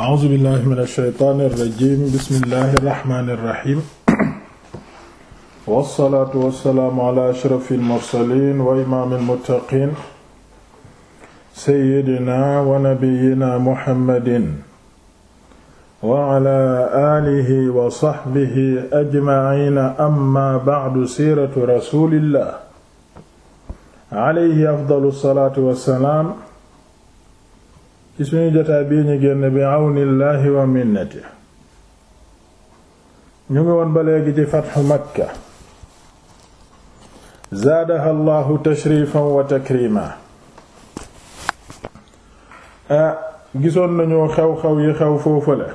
a'uuzu billahi mina shaytaani rajiim bismillahi rahmaani rahiim wassalaatu wassalaamu ala ashrafil mursaliin wa imaamil muttaqiin sayyidinaa wa nabiyyinaa muhammadin wa ala aalihi wa sahbihi ajmaciina amma bacdu siiratu rasuulillah alayhi afdalu salaatu wassalaam ci suñu jotaay bii ñu génn bi àwnillaahi wa minnati ñu ngi woon ba léegi ci fatxu makka zaadaha allahu tashrifan wa takrima gisoon nañu xew-xew yi xew foofale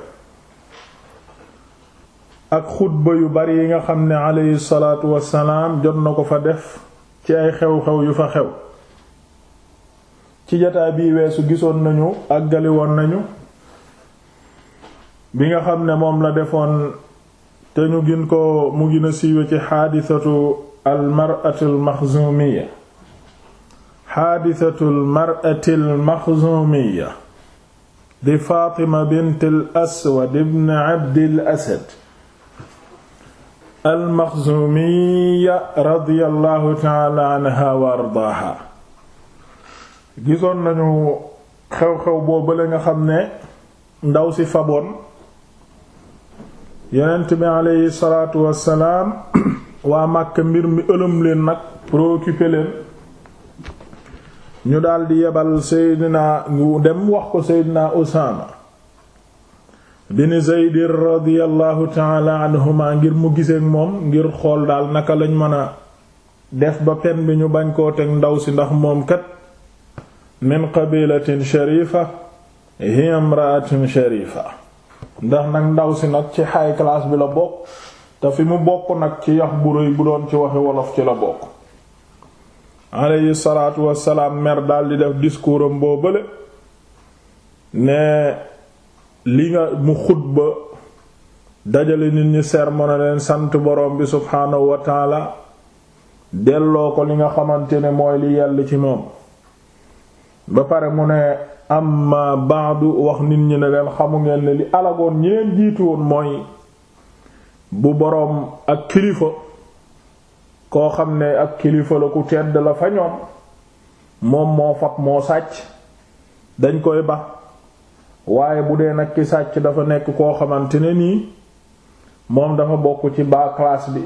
ak xutba yu bari yi nga xam ne aleyhi salaatu wassalaam jot na ko fa def ci ay xew-xew yu fa xew ci jataay bii weesu gisoon nañu àggali woon nañu bi nga xam ne moom la defoon te ñu gën ko mu gën a siiwe ci xaadisatu almar'atu almaxzumiya di faatima bint al aswad abdil asad almaxzumiya radiyallahu taala anha wa ardaaha gisoon nañu xew-xew boobu la nga xam ne ndaw si faboon yonent bi aleyhi salaatu wassalaam waa Màkka mbir mi ëlëm leen nag préoccupé leen ñu daldi yebal Seydina ñu dem wax ko Seydina Usaama bin Zayd radiyallahu taala anhuma ngir mu giseek moom ngir xool daal naka lañ mën a def ba pen bi ñu bañ koo teg ndaw si ndax moom kat min qabilatin sharifa hiya imra'atun sharifa ndax nag ndaw si nag ci high class bi la bokk te fi mu bokk nag ci yax bu rëy bu doon ci waxi wolof ci la bokk alayhi salaatu wassalaam mer dal di def discours am boo ne li nga mu xutba dajale nit ñi sermona leen sant borom bi subhaanahu wa delloo ko li nga xamante ne mooy li yell ci moom ba pare mu ne amma du wax nit ñi ne leen xamu ngeen li alagoon ñi leen jiitu woon mooy bu boroom ak kilifa koo xam ne ak kilifa la ku tedd la fa ñoom moom moo fab moo sàcc dañ koy ba waaye bu dee nag ki sàcc dafa nekk koo xamante ne nii moom dafa bokk ci baa classe bi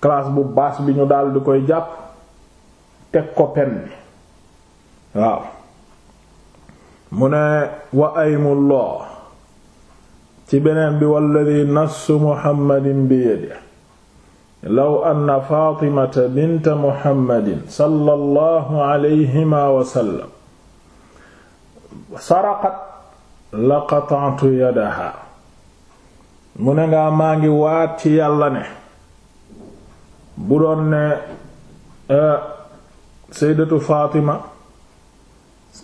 classe bu baas bi ñu di koy jàpp teg ko bi waaw mu ne wa aymullah ci beneen bi walladi nafsu muhammadin bi yadihi law anna faatimata binta muhammadin sallallahu alayhima wa sallam saraqat la qata'tu yadaha mu ne ngaa maa ngi waat ci yàlla ne bu doon ne eh, faatima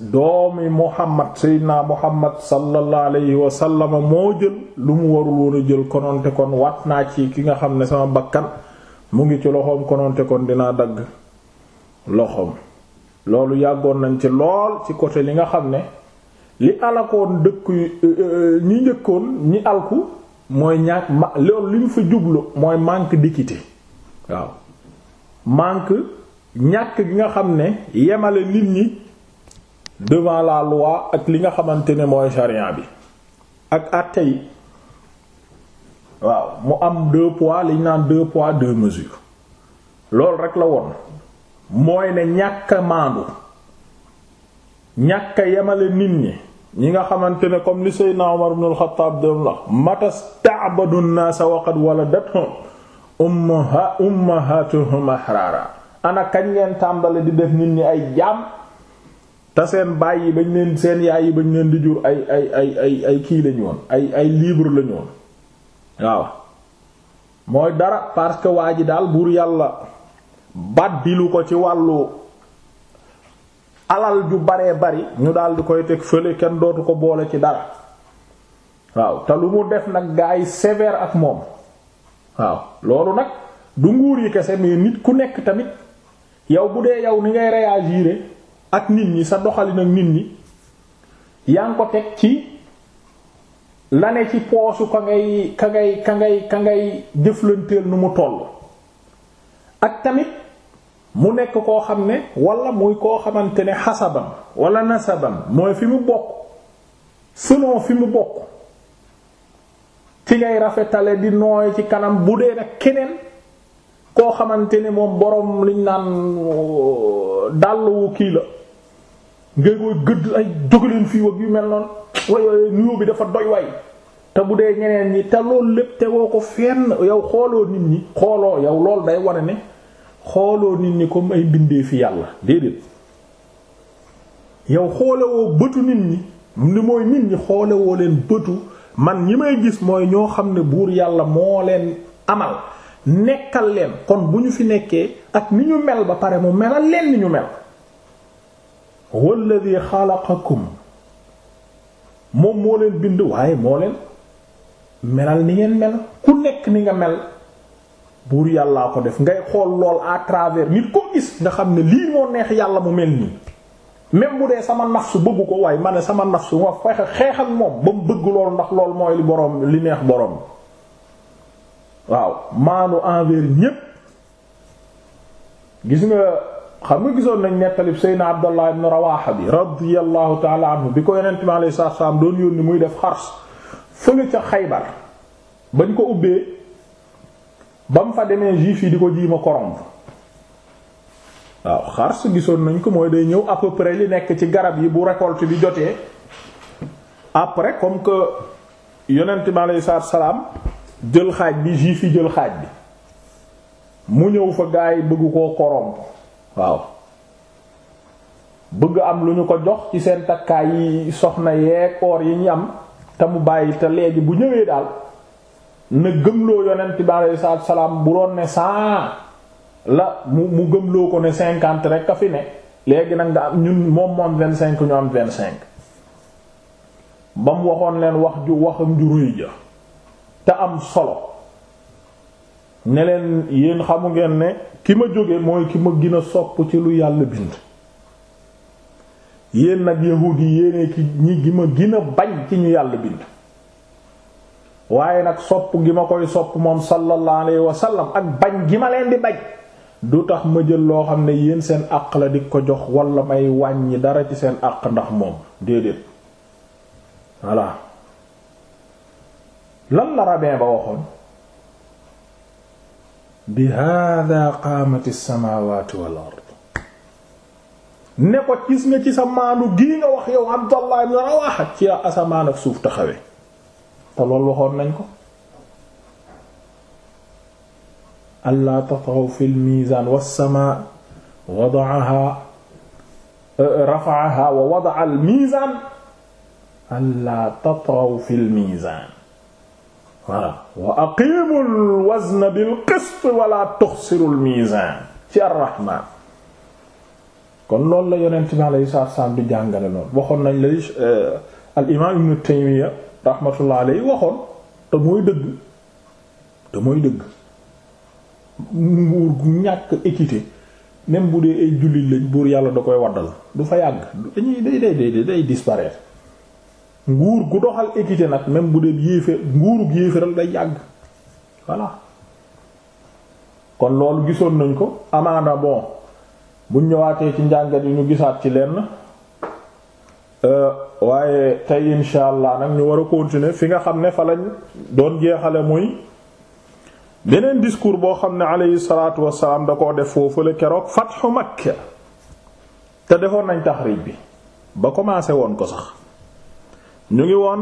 doomi muhammad seydina muhammad sallallahu alayhi wa sallam moo jël lu mu warul woon a jël kononte kon wat naa ci ki nga xam ne sama bakkan mu ngi ci loxoom kononte kon dinaa dagg loxoom loolu yàggoon nañ ci lool ci côté li nga xam ne li alakoon dëkk euh, euh, ñi njëkkoon ñi alku mooy ñàkk ma li ñu fa jublu mooy manque d'équité waaw manque ñàkk gi nga xam ne yemale nit ñi devant la loi ak li nga xamante ne mooy charia bi ak àtte yi waaw mu am deux poids li ñu naan deux poids deux mesures loolu rek la woon mooy ne ñàkk a maandu ñàkk yemale nit ñi ñi nga xamante ne comme li Seydina Umar ibn al-Khattab doon la matasta'badu an-nasa wa qad waladatuhum ummaha ummahatuhum ahrara ana kañ ngeen tàmbale di def nit ñi ay jaam te seen baay yi bañ leen seen yaay yi bañ leen di jur ay ay ay ay ay kii lañu ay ay libre lañu woon waaw mooy dara parce que waa ji daal buur yàlla baddilu ko ci wàllu alal ju baree bari ñu daal di koy teg fële kenn dootu ko boole ci dara waaw te lu mu def nag gaa yi sévère ak moom waaw loolu nag du nguur yi kese mais nit ku nekk tamit yow bu dee yow ni ngay réagir ak nit ñi sa doxalin ak nit ñi yaa ngi ko teg ci la ne ci poosu ka ngay ka ngay ka ngay ka nu mu toll ak tamit mu nekk koo xam ne walla muy koo xamante ne xasabam walla nasabam mooy fi mu bokk selon fi mu bokk ci ngay rafetale di nooy ci kanam bu dee nag keneen koo xamante ne moom boroom liñ naan euh, dàll wu kii la ngay koy gëdd ay jógaleen fii wag mel noonu way nuyoo bi dafa doy way te bu dee ñeneen ñi te loolu lépp tegoo ko fenn yow xooloo nit ñi xooloo yow loolu day wane ne xooloo nit ñi comme ay bindee fi yàlla déedéet yow xoolewoo bëtu nit ñi ni mooy nit ñi xoolewoo leen bëtu man ñi may gis mooy ñoo xam ne buur yàlla moo leen amal nekkal leen kon bu ñu fi nekkee ak ni ñu mel ba pare mu melal leen ni ñu mel walladi xalaqakum moom moo leen bind waaye moo leen melal ni ngeen mel ku nekk ni nga mel buur yàllaa ko def ngay xool lool à travers nit ko gis nga xam ne lii moo neex yàlla mu mel nii même bu dee sama nafsu bëgg ko waaye ma sama nafsu ma fexe xeex ak moom ba mu bëgg loolu ndax loolu mooy li boroom li neex boroom waaw maanu envers ñépp gis nga xam nga gisoon nañ nettalib Seydina Abdallah ibn Rawaha bi radiyallahu taala anhu bi ko yonent mi alayhi salaatu salaam doon yónni muy def xars fële ca Xaybar bañ ko ubbee ba mu fa demee juif yi di ko jiima koromb waaw xars gisoon nañ ko mooy day ñëw à li nekk ci garab yi bu récolte bi jotee après comme que yonent mi alayhi salaatu salaam jël xaaj bi juif yi jël xaaj bi mu ñëw fa gaay bëgg koo koromb waaw bëgg am lu ñu ko jox ci seen takkaay yi soxna yeeg oor yi ñu am te mu bàyyi te léegi bu ñëwee daal na gëmloo yonent bi aleyhi salaam bu doon ne cent la mu mu gëmloo ko ne cinquante rekk a fi ne léegi nag nga am ñun moom moom vingt cinq ñu am vingt cinq ba mu waxoon leen wax ju waxam ju rëy ja te am solo ne leen yéen xamu ngeen ne ki ma jóge mooy ki ma gën sopp ci lu yàlla bind yéen nag yahuud yi yéene ki ñi gi ma gën bañ ci ñu yàlla bind waaye nag sopp gi ma koy sopp moom sallallahu alayhi wa sallam ak bañ gi ma leen di bañ du tax ma jël loo xam ne yéen seen àq la di ko jox wala may wàññi dara ci seen àq ndax moom déedéet voilà lan la rabin ba waxoon bi hàddaa qaamati samaawaati wal ard ne ko gis nga ci sa maandu gii nga wax yow Abdallah ibn Rawaha ci asamaan ak suuf taxawee te loolu waxoon nañ ko allaa tatghaw fil miizaan was samaa wada'ahaa rafa'ahaa wa wada'a al miizaan allaa tatghaw fil miizaan voilà wa aqimul wazna bil qist wala tuxsirul mizan ci ar-rahman kon loolu la yonent bi alayhi salaatu wassalaam di jàngale loolu waxoon nañ lay euh, al imaam ibnu Taymiyya rahmatullah alayhi waxoon te mooy dëgg te mooy dëgg nguur gu ñàkk équité même bu dee ay jullit lañ buur yàlla da koy waddal du fa yàgg dañuy day day day day nguur gu doxal équité nag même bu dee yéeféer nguurug yéeféeral day yàgg voilà kon loolu gisoon nañ ko amaana bon buñ ñëwaatee ci njàngat yi ñu gisaat ci lenn euh, waaye tey insha allah nag ñu war a continuer fi nga xam ne fa lañ doon jeexale muy beneen discours boo xam ne aleyhi salaatu wasalaam da koo def foofu la keroog fatxu Makka te defoon nañ taxrij bi ba commencé woon ko sax ñu ngi woon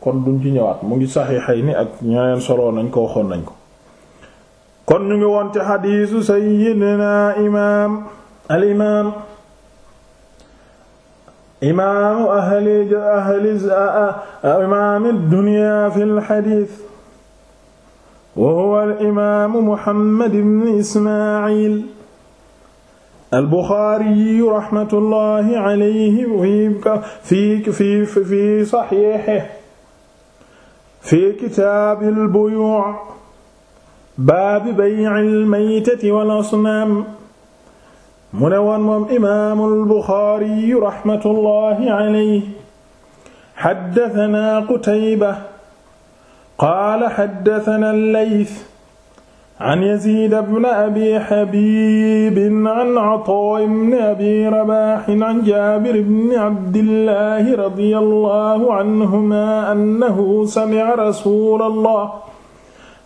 kon duñ ci ñëwaat mu ngi saxiixayni ak ñaareel solo nañ ko waxoon nañ ko kon ñu ngi woon ci xadiisu sayyidina imaam al imaam imaamu ahli ahli imaami dunya fi al xadiis wa huwa al imaamu muhammad ibn ismaayil albuxaari rahmatullahi alayhi fi fi fi saxiixihi fi kitaabil buyuu' baabi bay'il maytati wal asnaam mu ne woon moom imaamul buxaari rahmatullahi alayhi haddasanaa qutayba qaala haddasanaa layth an Yaziid ibn Abi Habiib an Ataa ibn Abi Rabaah an Jaabir ibn Abdillah radiyallahu anhumaa annahu sami'a rasuulallah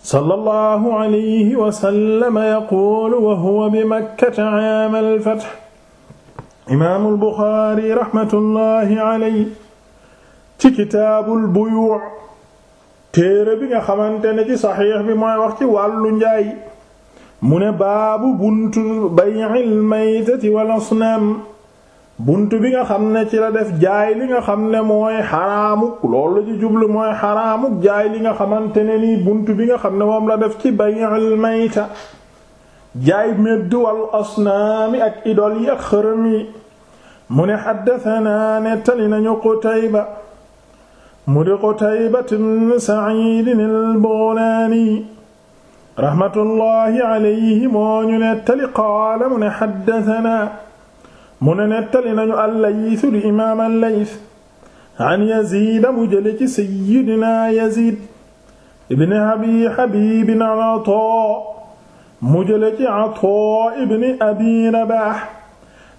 sallallahu alayhi wa sallam yaquulu wa huwa bi Makkata 'aamal fath. Imaamul Buxaari rahmatullahi alayhi ci kitaabul buyuu' téere bi nga xamante ne ci saxiix bi mooy wax ci wàllu njaay mu ne baabu buntu bay'il maytati wal asnam buntu bi nga xam ne ci la def jaay li nga xam ne mooy xaraamuk loolu ci jublu mooy xaraamuk jaay li nga xamante ne nii bunt bi nga xam ne moom la def ci bay'il mayta jaay medd wal asnaami ak idol yi ak xërëm yi mu ne ne nettali nañu ko Qutayba mu di Qutaybat ibn Sa'id al-Baghlani rahmatullahi alayhi moo ñu nettali qaala mu ne haddathana mu ne nettali nañu al-Layth di imaam al-Layth an Yazid mu jële ci sayyidina Yazid ibn Abi Habib an Ata mu jële ci Ata ibn Abi Rabah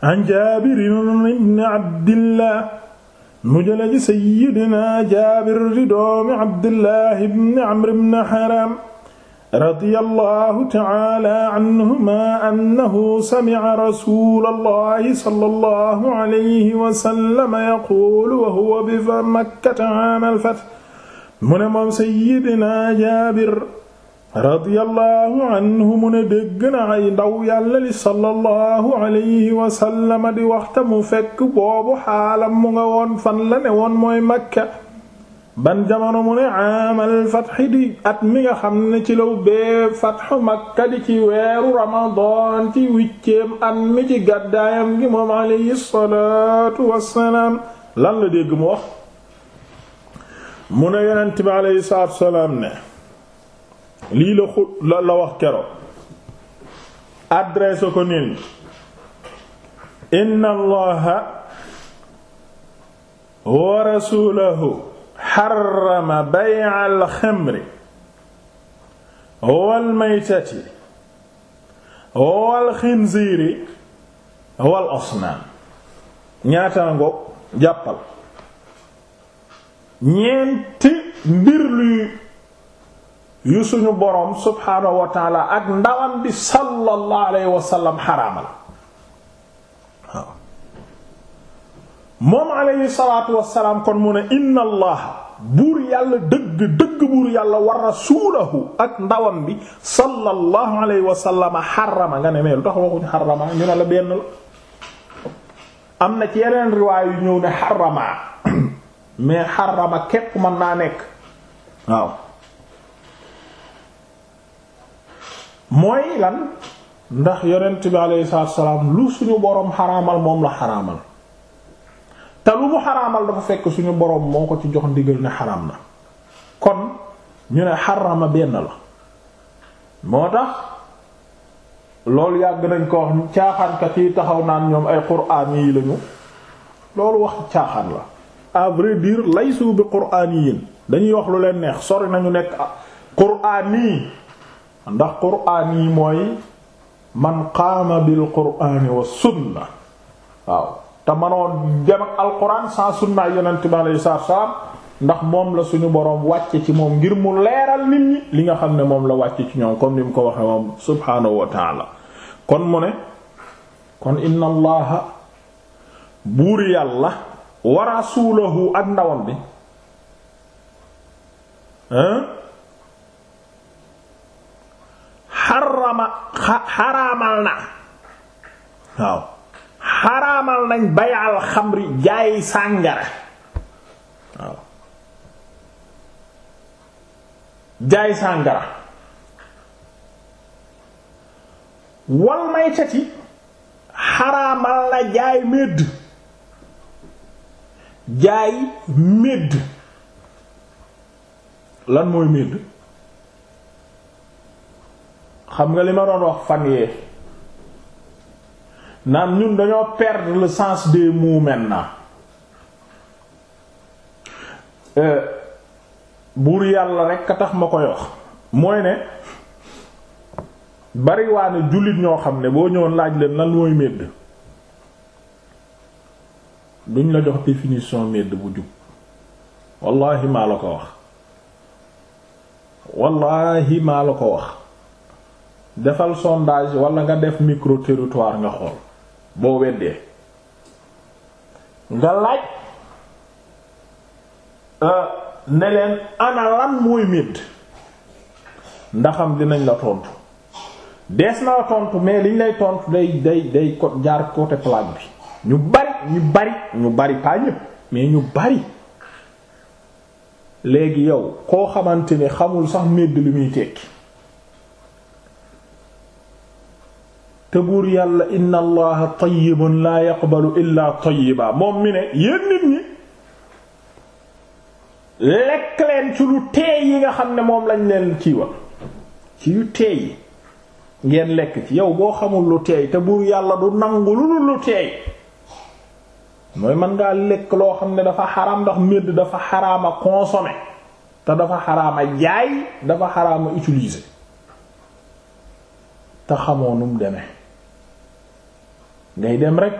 an Jabir ibn Abdillah mu jële ci sayyidina jaabir di doomi abdillahi ibn amr ibn haram radiyallahu ta'ala anhuma annahu sami'a rasulallahi sallallahu alayhi wa sallam yaqulu wa huwa bi makkata 'aama al-fath mu ne moom sayyidina jaabir radiyallahu anhu mu ne dégg na ay ndaw yàlla li sallallahu alayhi wasallama di waxta mu fekk boobu xaalam mu nga woon fan la ne woon mooy makka ban jamono mu ne aamal fatxi at mi nga xam ne ci law bee fatxu makka ci weeru ramadan ci huitième at mi ci gàddaayam gi moom lan la dégg mu wax mu ne yonent bi alayhi salaatu wassalaam ne lii la xut la la wax kero adresse ko nin inna allaha wa rasulahu xarama bay'a alxamri wal maytati wal xinziiri wal asnaam ñaataango jàppal ñeenti mbir luy yu suñu boroom subhaanahu wa ak ndawam bi sallallahu alayhi wa sallam xaraamal moom alayhi salaatu wassalaam kon mu ne inna allah buur yàlla dëgg dëgg buur yàlla wa rasuulahu ak ndawam bi sallallahu alayhi wa sallam xarama nga ne mais lu tax waxuñu xarama ñu ne la benn la am na ci yeneen riwaay yu ñëw ne xarama mais xarama képp mën naa nekk waaw mooy lan ndax yonent bi alayhi salaatu salaam lu suñu boroom xaraamal moom la xaraamal te lu mu xaraamal dafa fekk suñu boroom moo ko ci jox ndigal ne xaraam na kon ñu ne xarama benn la moo tax loolu yàgg nañ ko wax caaxaankat yi taxaw naan ñoom ay quraani yi lañu loolu wax caaxaan la à vrai dire laysu bi quraaniyin dañuy wax lu leen neex sori nañu nekk quraani ndax quraan yi mooy man qaama bil qur'aani wa sunna waaw te manoo dem ak alquran sans sunnaay yonent bi alayhi salaam ndax moom la suñu boroom wàcce ci moom ngir mu leeral nit ñi li nga xam ne moom la wàcce ci ñoom comme ni mu ko waxe moom subhaanahu wa kon mu ne kon inna allaha buur yàlla wa rasuulahu ak ndawam bi xarama xaraamal na waaw xaraamal nañ bayaal xamri jaay sàngara waaw jaay sàngara wal maytati xaraamal na jaay medd jaay medd lan mooy medd xam nga li ma doon wax fan yee naan ñun dañoo perdre le sens des mots maintenant euh, buur yàlla rekk a tax ma koy wax mooy ne bariwaane jullit ñoo xam ne boo ñëwoon laaj leen lan mooy medd duñ la jox définition medd bu jub wallaahi maa la ko wax wallaahi maa la ko wax defal sondage wala nga def micro territoire nga xool boo weddee nga laaj euh, ne leen ana mooy médd ndaxam dinañ la tontu dees na la tontu mais liñ lay tontu day day day ko jaar côté plaque bi ñu bari ñu bari ñu bari pas ñëpp mais ñu bari léegi yow koo xamante ni xamul sax médd li muy tekki te buur yàlla inna allaha tayyibun laa yaqbalu illaa tayyiba moom mi ne yéen nit ñi lekk leen ci lu teey yi nga xam ne moom lañ leen kiiwa ci yu teey ngeen lekk ci yow boo xamul lu teey te buur yàlla du nangu lu lu teey mooy mën ngaa lekk loo xam ne dafa xaraam ndax médd dafa xaraama consommer te dafa xaraama jaay dafa xaraama utilise te xamoo nu mu ngay dem rekk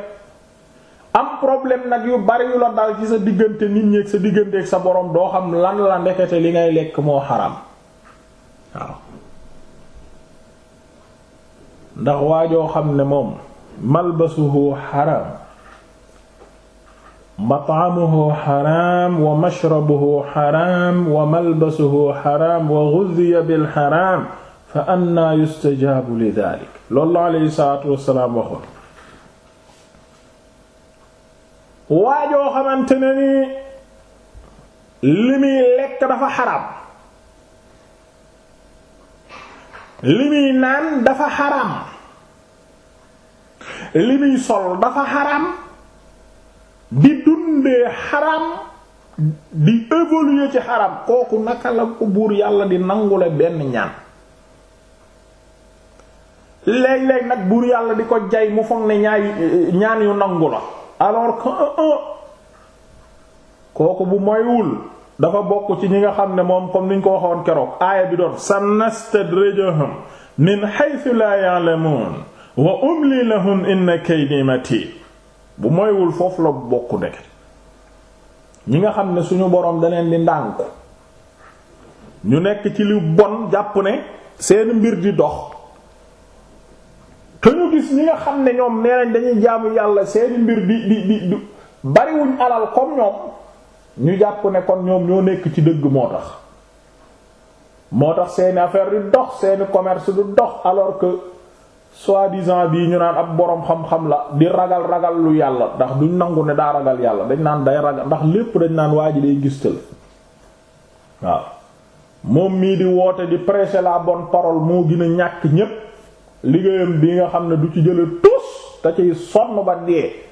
am problème nag yu bari yu la dal ci sa diggante nit ñi ak sa diggante ak sa borom doo xam lan la ndekete li ngay lekk moo xaram waaw ndax waajoo xam ne moom malbasuhu xaram mat'amuhu xaram wa mashrabuhu xaram wa malbasuhu xaram wa ghuziya bil xaram fa anna yustajabu li dhalik la alayhi waajoo xamante ne ni li muy lekk dafa xaram li muy naan dafa xaram li muy sol dafa xaram di dundee xaraam di évoluer ci xaram kooku naka la ko buur yàlla di nangule benn ñaan léeg-léeg nag buur yàlla di ko jay mu foog ne ñaay ñaan yu nangu la alors que euh, euh, kooku bu moywul dafa bokk ci ñi nga xam ne moom comme niñ ko waxoon keroog aaya bi doon sanastadrijuhum min haythu la ya'lamun wa umli lahum inna kaydi bu moywul foofu la bokk ndek ñi nga xam ne suñu boroom da leen di ndànk ñu nekk ci lu bon jàpp ne seen mbir di dox te ñu gis ñi nga xam ne ñoom nee nañ dañuy jaamu yàlla seeni mbir di di di di bariwuñ alal comme ñoom ñu jàpp ne kon ñoom ñoo nekk ci dëgg moo tax moo tax seeni affaire di dox seeni commerce du dox alors que soi-disant bii ñu naan ab boroom xam-xam la di ragal ragal lu yàlla ndax duñ nangu ne daa ragal yàlla dañ naan day ragal ndax lépp dañ naan waa ji day gistal waaw moom mii di woote di prêcher la bon parole moo gën ñàkk ñépp liggéeyam bi nga xam ne du ci jële tus te ciy sonn ba dee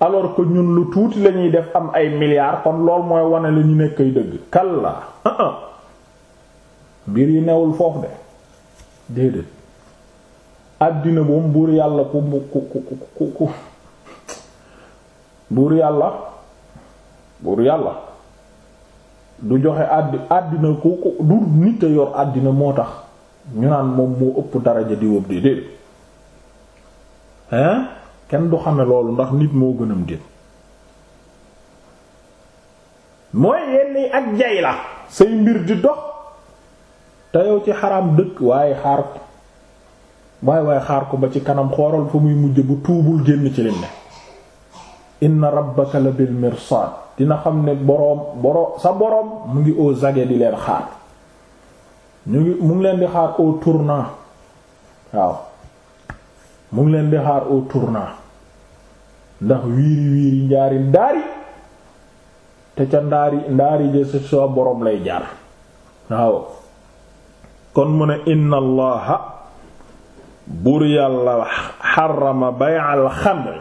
alors que ñun lu tuuti la ñuy def am ay milliards kon lool mooy wane lañu ñu nekk ay dëgg kalla mbir yi newul foofu de déedéet àddina boom buur yàlla ku ku ku ku ku buur yàlla buur yàlla du joxe àddina ku ku du nit a yor àddina moo tax ñu naan moom moo ëpp daraja di wëb déedéet hein kenn du xame loolu ndax nit moo gënam déet mooy yenni ak jay la say mbir di dox te yow ci xaram dëkk waaye xaar ko waaye waaye xaar ko ba ci kanam xooral fa muy mujj bu tuubul génn ci lim ne inna rabbaka la bil mirsad dina xam ne boroom boroom sa boroom mu ngi aux aguets di leen xaar ñu mu ngi leen di xaar au tournant waaw mu ngi leen di xaar au tournant ndax wiiri wiiri njaari ndaari te ca ndaari ndaari ja sa sa boroom lay jaar waaw kon mu ne inna allaha bur yàlla xarama bay'al xamr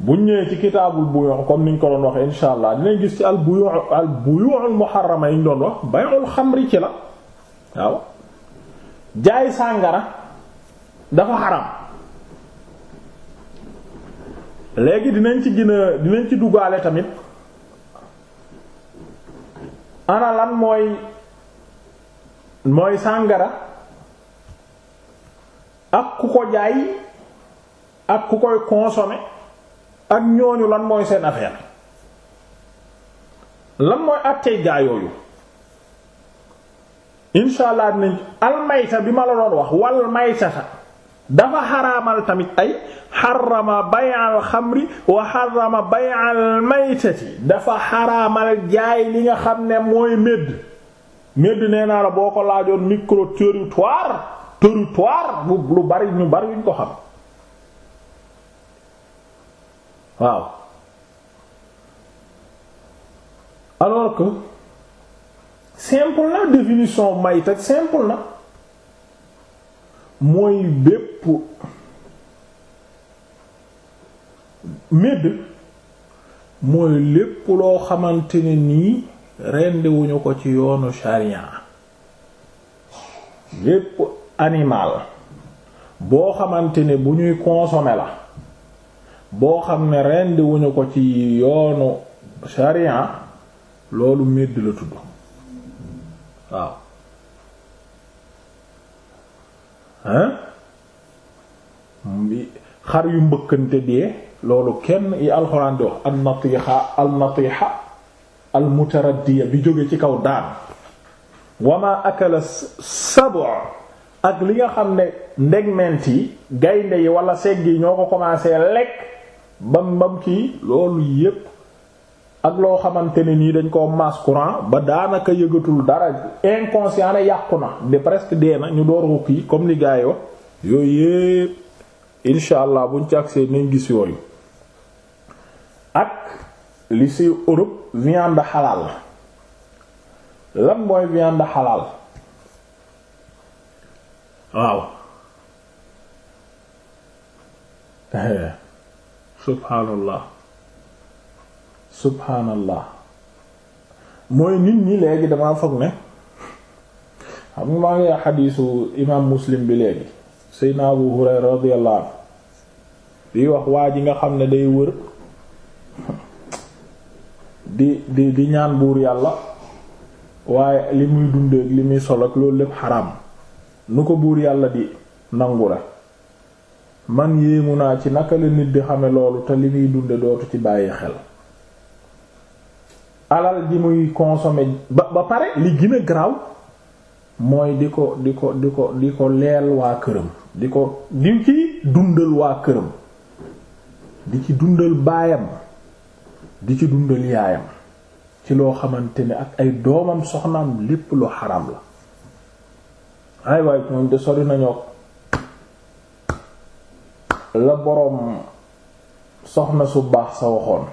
buñ ñëwee ci kitaabul buyu' comme niñ ko doon wax insha allah dinañ gis ci al buyu' al buyu'ul muharrama yi ñu doon wax bay'ul xamri ci la waaw jaay sàngara dafa xaram léegi dinañ ci gën dinañ ci duggaale tamit ana mooy mooy sàngara ak ku ko jaay ak ku koy consommer ak ñooñu lan mooy seen affaire lan mooy àttee gaa yooyu insha nañ dinañ bi ma la doon wax wal maytata dafa xaramal tamit ay xarama bay'al xamri wa xarama bay'al maytati dafa xaraamal jaay li nga xam ne mooy médd médd nee naa la boo ko laajoon micro territoire territoire bu lu bari ñu bari yuñ ko xam waaw alors que simple na définition mayit ak simple na mooy bépp médd mooy lépp loo xamante ne nii rendiwuñu ko ci yoonu sharia lépp animal boo xamante ne bu ñuy consommer la boo xam ne rendi wuñu ko ci yoonu sharia loolu medd la tudd waaw hein xar yu mbëkkante dee loolu kenn yi alxuraan di al natiixa al natiixa al mutaraddiya bi jóge ci kaw daan wama akala sabu ak li nga xam ne ndegment yi gaynde yi wala segg yi ñoo ko commencé lekk bam bam kii loolu yépp ak loo xamante ni nii dañ koo masse courant ba daanaka yëgatul dara inconscient ne yàqu na de presque dee na ñu door kii comme ni gars yi wax yooyu yépp incha allah buñ ci agsee nañ gis yooyu ak li si Europe viande xalaal la lan mooy viande xalaal waaw. subhaanallah subhaanallah mooy nit ñi léegi damaa foog ne xam nga maa ngi xadiisu imaam muslim bi léegi seydna abu hurayra radiyallahu anhu di wax waa ji nga xam ne day wër di di di ñaan buur yàlla waaye li muy dundeek li muy sol ak loolu lépp xaram nu ko buur yàlla di nangu rek man yéemu naa ci naka la nit di xame loolu te li muy dunde dootu ci bàyyi xel alal ji muy consommer ba ba pare li gën a mooy di ko di ko di ko di ko leel waa këram di ko di ci dundal waa këram di ci dundal baayam di ci dundal yaayam ci loo xamante ne ak ay doomam soxnaam lépp lu xaram la ay waay moom de sori nañoo la boroom soxna su baax sa waxoon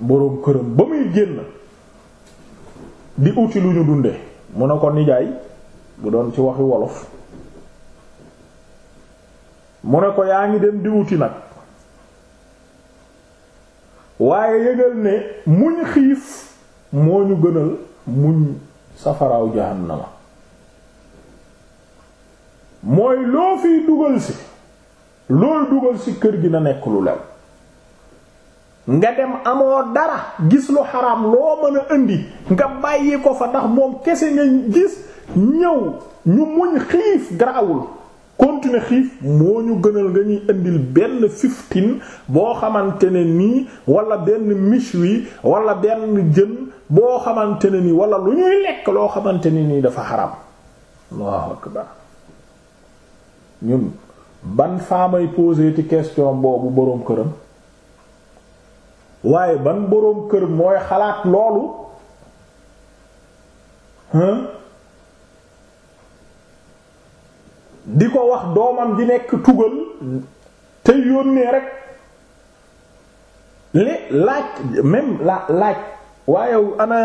boroom këram ba muy génn di uti lu ñu dunde mu ne ko nijaay bu doon ci waxi wolof mu ne ko yaa ngi dem di uti nag waaye yëgal ne muñ xiif moo ñu gënal muñ safaraaw jahannama mooy loo fiy dugal si looy dugal ci kër gi na nekk lu lew nga dem amoo dara gis lu xaram loo mën a indi nga bàyyi ko fa ndax moom kese nga gis ñëw ñu muñ xiif garaawul continuer xiif moo ñu gënal nga ñuy indil benn fifteen boo xamante nii wala benn méchoui wala benn jën boo xamante ne nii wala lu ñuy lekk loo xamante ne nii dafa xaram Allahu akbar ñun ban faamay posé ci question boobu boroom këram waaye ban boroom kër mooy xalaat loolu hein di ko wax doomam di nekk tugal te yónnee rek li laaj même la laaj waaye ana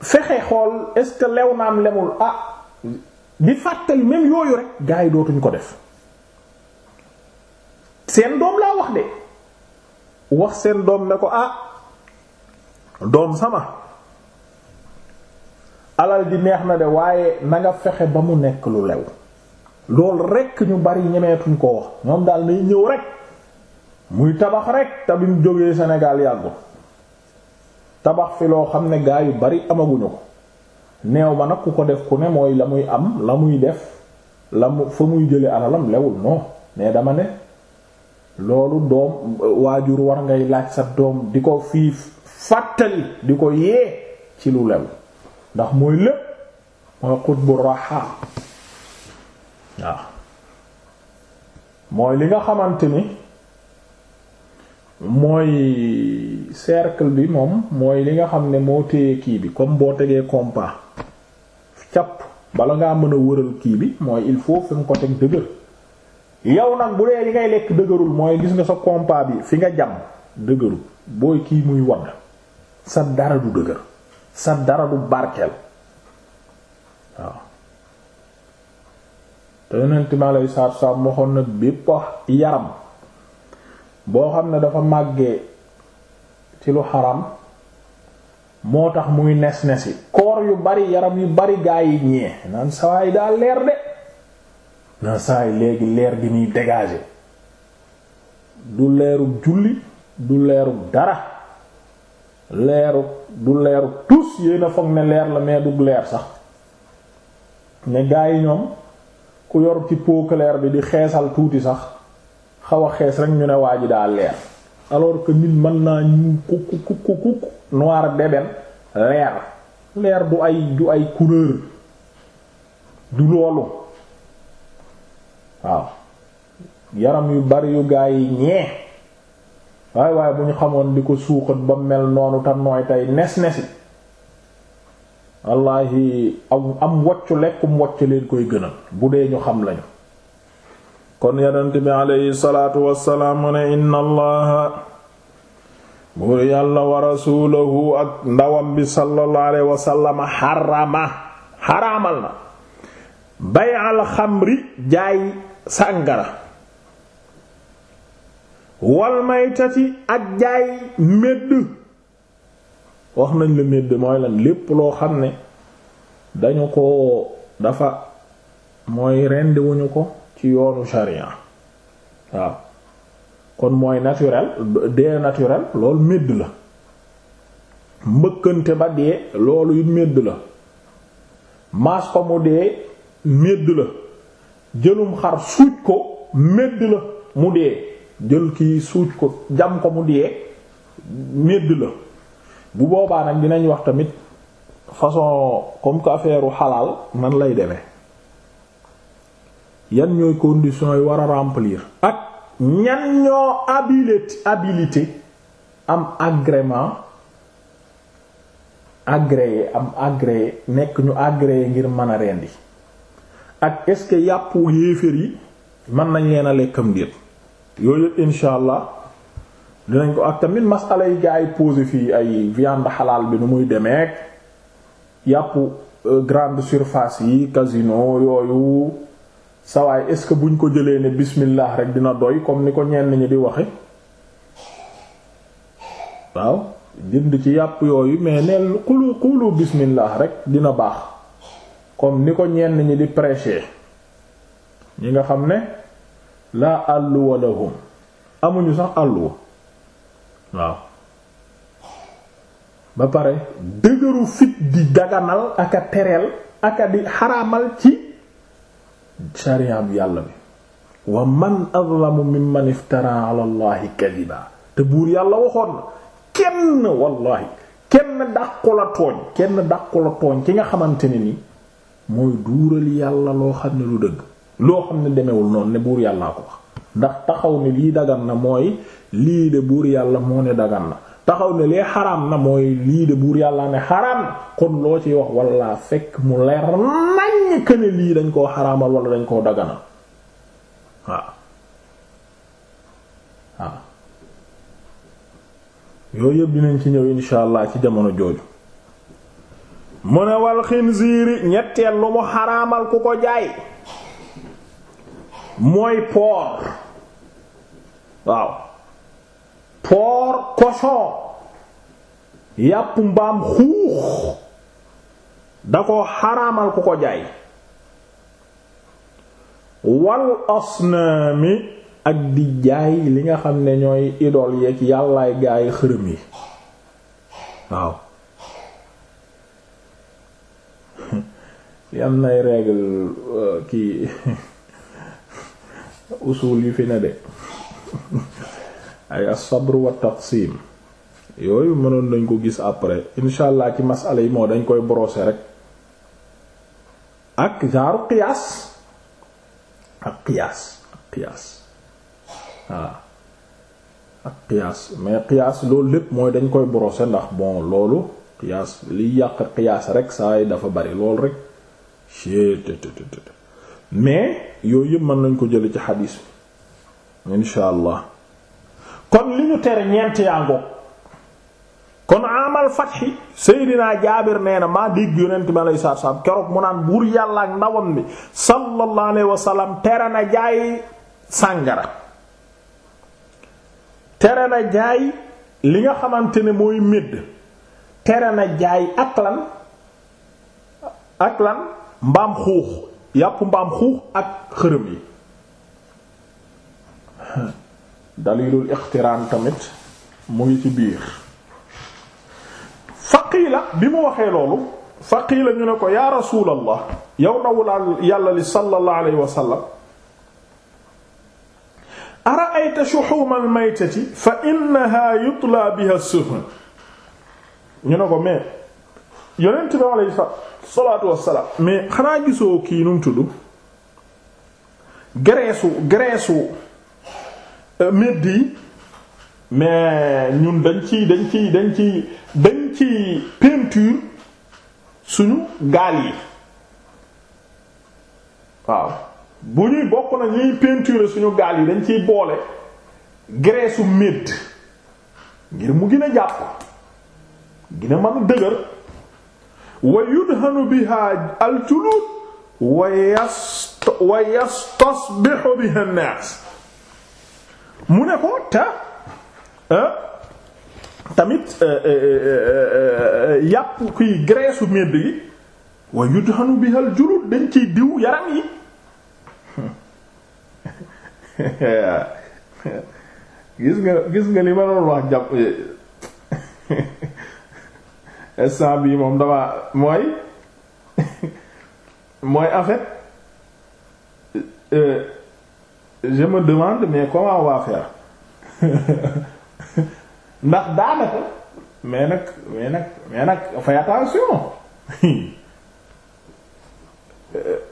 fexe xool est-ce que lew naam lemul ah di fàttali même yooyu rek gars yi dootuñ ko def seen doom laa wax de wax seen doom ne ko ah doom sama alal di neex na de waaye na fexe ba mu nekk lu lew loolu rekk ñu bari ñemeetuñ koo wax ñoom daal nay ñëw rek muy tabax rek te bi mu jógee Sénégal tabax fi loo xam ne gaa yu bari amaguñu ko neew ma nag ku ko def ku ne mooy la muy am la muy def la mu fa muy jële alalam lewul non mais dama ne loolu doom waajur war ngay laaj sa doom di ko fii fàttali di ko yee ci lu lew ndax mooy lépp mooy xutbu raxaa waaw mooy li nga xamante ni mooy cercle bi moom mooy li nga xam ne moo téye kii bi comme boo tegee compas capp bala ngaa mën a wëral kii bi mooy il faut fi nga ko teg dëgër yow nag bu dee li ngay lekk dëgërul mooy gis nga sa compas bi fi nga jam dëgërul booy kii muy wadd sa dara du dëgër sa dara du barkeel waaw te yonent mi alayhi salaatu salaam waxoon na bépp yaram boo xam ne dafa màggee ci lu xaram moo tax muy nes nesi koor yu bari yaram yu bari gaa yi ñee naan sawaay daa leer de naan sawaay léegi leer gi muy dégagé du leerub julli du leerub dara leerub du leerub tus yéena foog ne leer la mais du leer sax ne gaa yi ñoom ku yor ci pookaleer bi di xeesal tuuti sax xaw a xees rek ñu ne waa ji daa leer alors que nit mën naa ñu kukk noir deben leer leer du ay du ay couleur du loolu waaw yaram yu bari yu gaa yi ñee waay waaye bu ñu xamoon di ko suuxat ba mel noonu te nooy tey nes nesi wallaahi am am waccu lekkum waccu leen koy gënal bu dee ñu xam lañu kon yonent bi aleyhi salaatu wassalaam ne inna allaha buur yàlla wa rasuulahu ak ndawam bi sallallahu alayhi wa sallam xarama na bay alxamri jaay sàngara wal maytati ak jaay médd wax nañ la médd mooy lan lépp loo xam ne dañu ko dafa mooy rendiwuñu ko ci yoonu sharia waaw kon mooy naturel dee naturel loolu médd la mbëkkante ba dee loolu yu médd la maas ko mu dee médd la jëlum xar suuj ko médd la mu dee jël ki suuj ko jam ko mu dee médd la bu boobaa nag dinañ wax tamit façon comme que affaire xalaal man lay demee yan ñooy conditions yi war a remplir ak ñan ñoo habilité habilité am agrément agréé am agréé nekk ñu agréé ngir mën a rendi ak est-ce que yàpp yéeféer yi mën nañ leen a lekkam ngir yooyu insha allah dinañ ko ak tamit masala yi gaa yi posé fii ay viande xalaal bi nu muy demeek yàpp euh, grande surface yi casino yooyu sawaay est-ce que buñ ko jëlee ne bismillah rek dina doy comme ni ko ñenn ñi di waxe waaw jënd ci yàpp yooyu mais neel xulu xulu bismillah rek dina baax comme ni ko ñenn ñi di prêcher ñi nga xam ne laa àlluwa lahum amuñu sax àlluwa waaw ba pare dëgëru fit di daganal aka tereel aka di xaraamal ci sharia bu yàlla bi wa man azlamu mimman iftara ala allahi te buur yàlla waxoon na kenn wallahi kenn dàqu tooñ kenn dàqu tooñ ki nga xamante ne ni mooy duural yàlla loo xam ne lu dëgg loo xam ne demewul noonu ne buur yàllaa ko ndax taxaw ne lii dagan na mooy lii de buur yàlla moo ne dagan na taxaw ne lee xaraam na mooy lii de buur yàlla ne xaraam kon loo ci wax wala fekk mu leer nañ këne lii dañ koo xaraamal wala dañ koo daganal waaw waaw yooyu yëpp dinañ ci ñëw insha allah ci jamono jooju mu ne wal xinziiri ñetteel lu mu xaraamal ku ko jaay mooy poor waaw porc cochon yàpp mbaam xuux da ko xaraamal ku ko jaay wal asnaami ak di jaay li nga xam ne ñooy idol yeeg yàllaay gaay xërëm yi waaw li am nay règle euh, kii usul yu fi ne de ay as-sabr wa taqsim yooyu mënoon nañ ko gis après incha allah ci masala yi moo dañ koy brosser rek ak genre qiyaas ak qiyaas ak qiyaas waaw ak qiyaas mais qiyaas loolu lépp mooy dañ koy brosser ndax bon loolu qiyaas liy yàq qiyaas rek saa yi dafa bari loolu rek mais yooyu yëpp mën nañ ko jële ci xadiis bi incha allah kon li ñu tere ñeent yaa ngoog kon amal fatxi Seydina Jaabir nee na maa dégg yonent bi alayhi salaatu salaam keroog mu naan buur yàlla ak ndawam bi sallallahu wa sallam tere na jaay sàngara tere na jaay li nga xamante ne mooy médd tere na jaay ak lan ak lan mbaam xuux yàpp mbaam xuux ak xërëm yi dalilul iqtiraan tamit mu ngi ci biir faqiila bi mu waxee loolu faqiila ñu ne ko yaa rasuulallah yow ndawul yàlla li sallallahu alayhi wa sallam ara'ayta shuhuumal fa innaha yutla biha sufun ñu ne ko mais yonent bi alayhi salaatu wassalaam mais xanaa gisoo kii nu mu tudd gereesu gereesu Euh, medd yi mais ñun dañ ci dañ ci dañ ci dañ ci peinture suñu gaal yi waaw bu ñuy bokk na ñuy peinture suñu gaal yi dañ ciy boole graisse su medd ngir mu gën a jàpp gën a mën a dëgër wa yudhanu biha al julud wa yastasbihu biha an mu ne ko te euh, tamit euh, euh, yàpp kuy graisse medd yi wa yudhanu biha al julud dañ ciy diw yaram yi gis nga gis nga li ma doon wax jàpp instant bii moom damaa mooy mooy en je me demande mais comment on va ndax daanaka mais nag mais nag mais attention euh,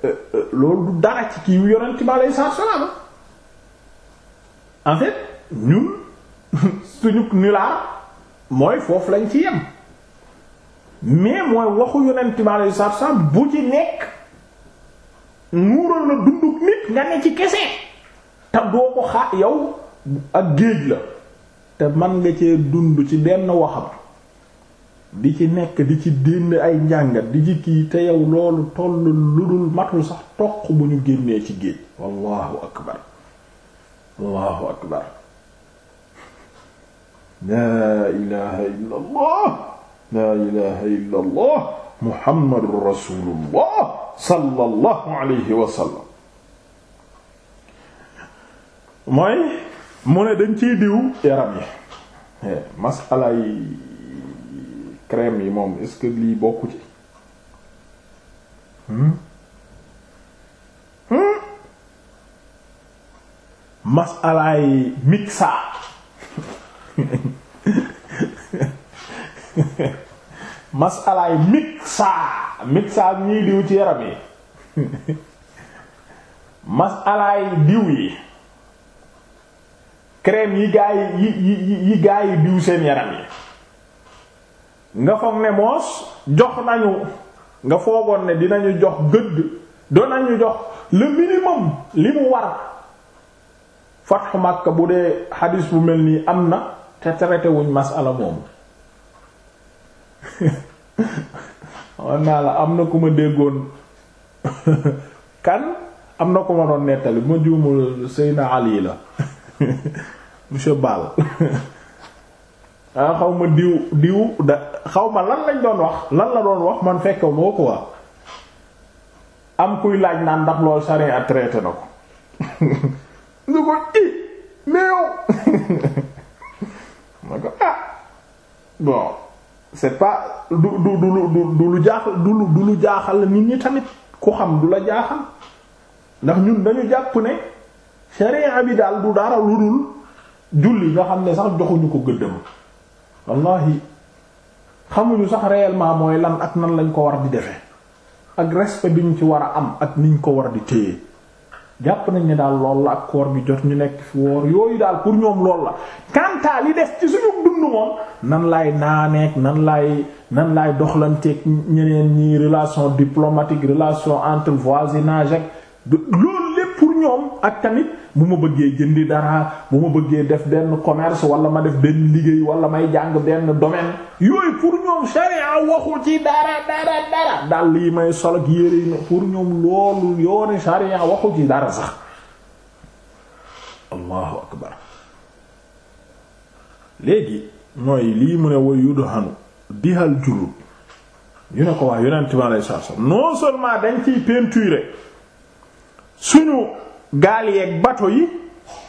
euh, euh, loolu dara ci kii yonent ba lay fait ñun suñu ni mooy foofu lañ ci yem mais mooy waxu yonent ba bu ci nekk muural la dunduk nit nga ne ci kese te doo ko xaa yow ak géej la te man nga cee dund ci benn waxam di ci nekk di ci dénd ay njàngat di ci kii te yow loolu toll lu dul matul sax toq bu ñu génnee ci géej wallahu akbar allahu akbar laa ilaha illa allah laa ilaha illa alayhi wa mooy mu ne dañ ciy diw yaram yi eh, masala yi crème yi moom est-ce que lii bokku ci hmm? hmm? masalaay mixa masalaay mixa mixa diw ci yaram yi masalaay diw yi crème yi gaa yi yi yi gaa yi diw seen yaram yi nga foog ne moos jox nañu nga foogoon ne dinañu jox gëdd doon nañu jox le minimum li mu war fatxu Makka bu dee xadis bu mel nii am na te traité wuñ masala moomu wan naa la am na ku ma déggoon kan am na ku ma doon nettali bu ma juumul Seyna Ali la monsieur Ball ah xaw ma diw diw da xaw ma lan lañ doon wax lan la doon wax man fekk moo ko waa am kuy laaj naan ndax lool sarin a traité na ko nga ko i mais ma ko ah bon c'est pas du du du du lu jaaxal du du lu jaaxal nit ñi tamit ku xam du la jaaxal ndax ñun dañu jàpp ne sharia bi daal du dara lu dul julli nga xam ne sax joxuñu ko gëddëm wallahi xamuñu sax réellement mooy lan ak nan lañ ko war di defee ak respect bi ñu ci war a am ak niñ ko war di téye jàpp nañ ne daal lool la ak koor bi jot ñu nekk fi woor yooyu daal pour ñoom lool la kantaa li def ci suñu dund moom nan laay naaneek nan laay nan laay doxlanteek ñeneen ñi relation diplomatique relation entre voisinage ak loolu lépp ñoom ak tamit bu ma bëggee jëndi dara bu ma bëggee def benn commerce wala ma def benn liggéey wala may jàng benn domaine yooyu pour ñoom sharia waxu ci dara dara dara dal yi may sol ak yére yi pour ñoom loolu yooni sharia waxu ci dara sax allahu léegi mooy lii mu ne woy yudhanu dihal yu ne ko waa yonent bi alayhi salaam non seulement dañ ciy peinturer suñu gaal yeeg bato yi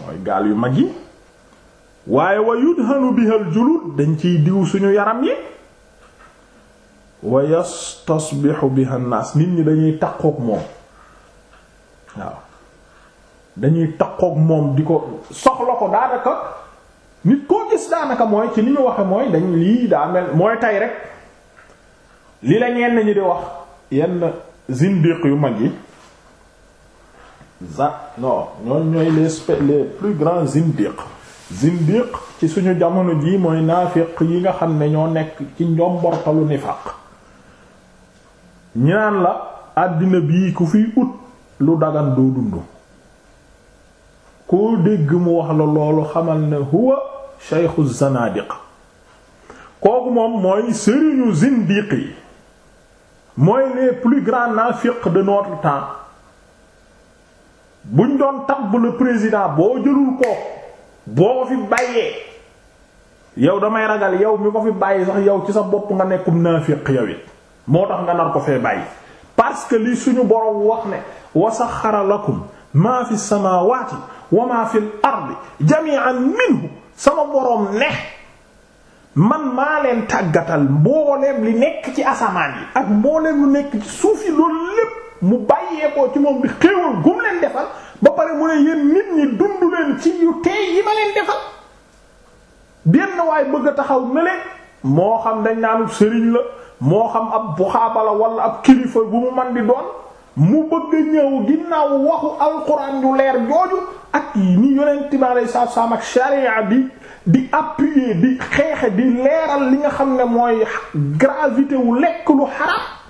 mooy gaal yu mag yi waaye wa yudhanu bihal julud dañ ciy diw suñu yaram yi wa yastasbihu biha an nit ñi dañuy takkook moom waaw dañuy takkook moom di ko soxla ko daanaka nit koo gis daanaka mooy ci ni ñu waxe mooy dañ lii daa mel mooy tay rek li la ñenn ñi di wax yenn zindiq yu mag yi zat non ñooñ ñooy les les plus grands zindiq zindiq ci suñu jamono jii mooy naafiq yi nga xam ne ñoo nekk ci njombortalu nifaq ñi la àddina bii ku fiy ut lu dagan doo dund koo dégg mu wax la loolu xamal ne huwa shaykhu zanadiq kooku moom mooy sëriñu zindiq yi mooy les plus grands naafiq de notre temps buñ doon tabb le président boo jëlul ko boo ko fi bàyyee yow damay ragal yow mi ko fi bàyyi sax yow ci sa bopp nga nekkum naafiq yow it moo tax nga nar ko fee bàyyi parce que li suñu boroom wax ne wa saxara lakum maa fi samawati wa maa fi l ardi jami'an minhu sama boroom ne man maa leen tàggatal mbooleem li nekk ci asamaan yi ak mbooleem lu nekk ci suuf yi loolu lépp mu bàyyeekoo ci moom bi xéewal gum leen defal ba pare mu ne yéen nit ñi dund leen ci yu teey yi ma leen defal benn waay bëgg a taxaw ne leen moo xam dañ naanub sëriñ la moo xam ab buxaaba la wala ab kilifa bu mu man di doon mu bëgg ñëw ginnaaw waxu alxuraan yu leer jooju ak ñu yonent bi alayhi ak sharia bi di appuyer bi xeexe bi leeral li nga xam ne mooy gravité wu lekk lu xaraam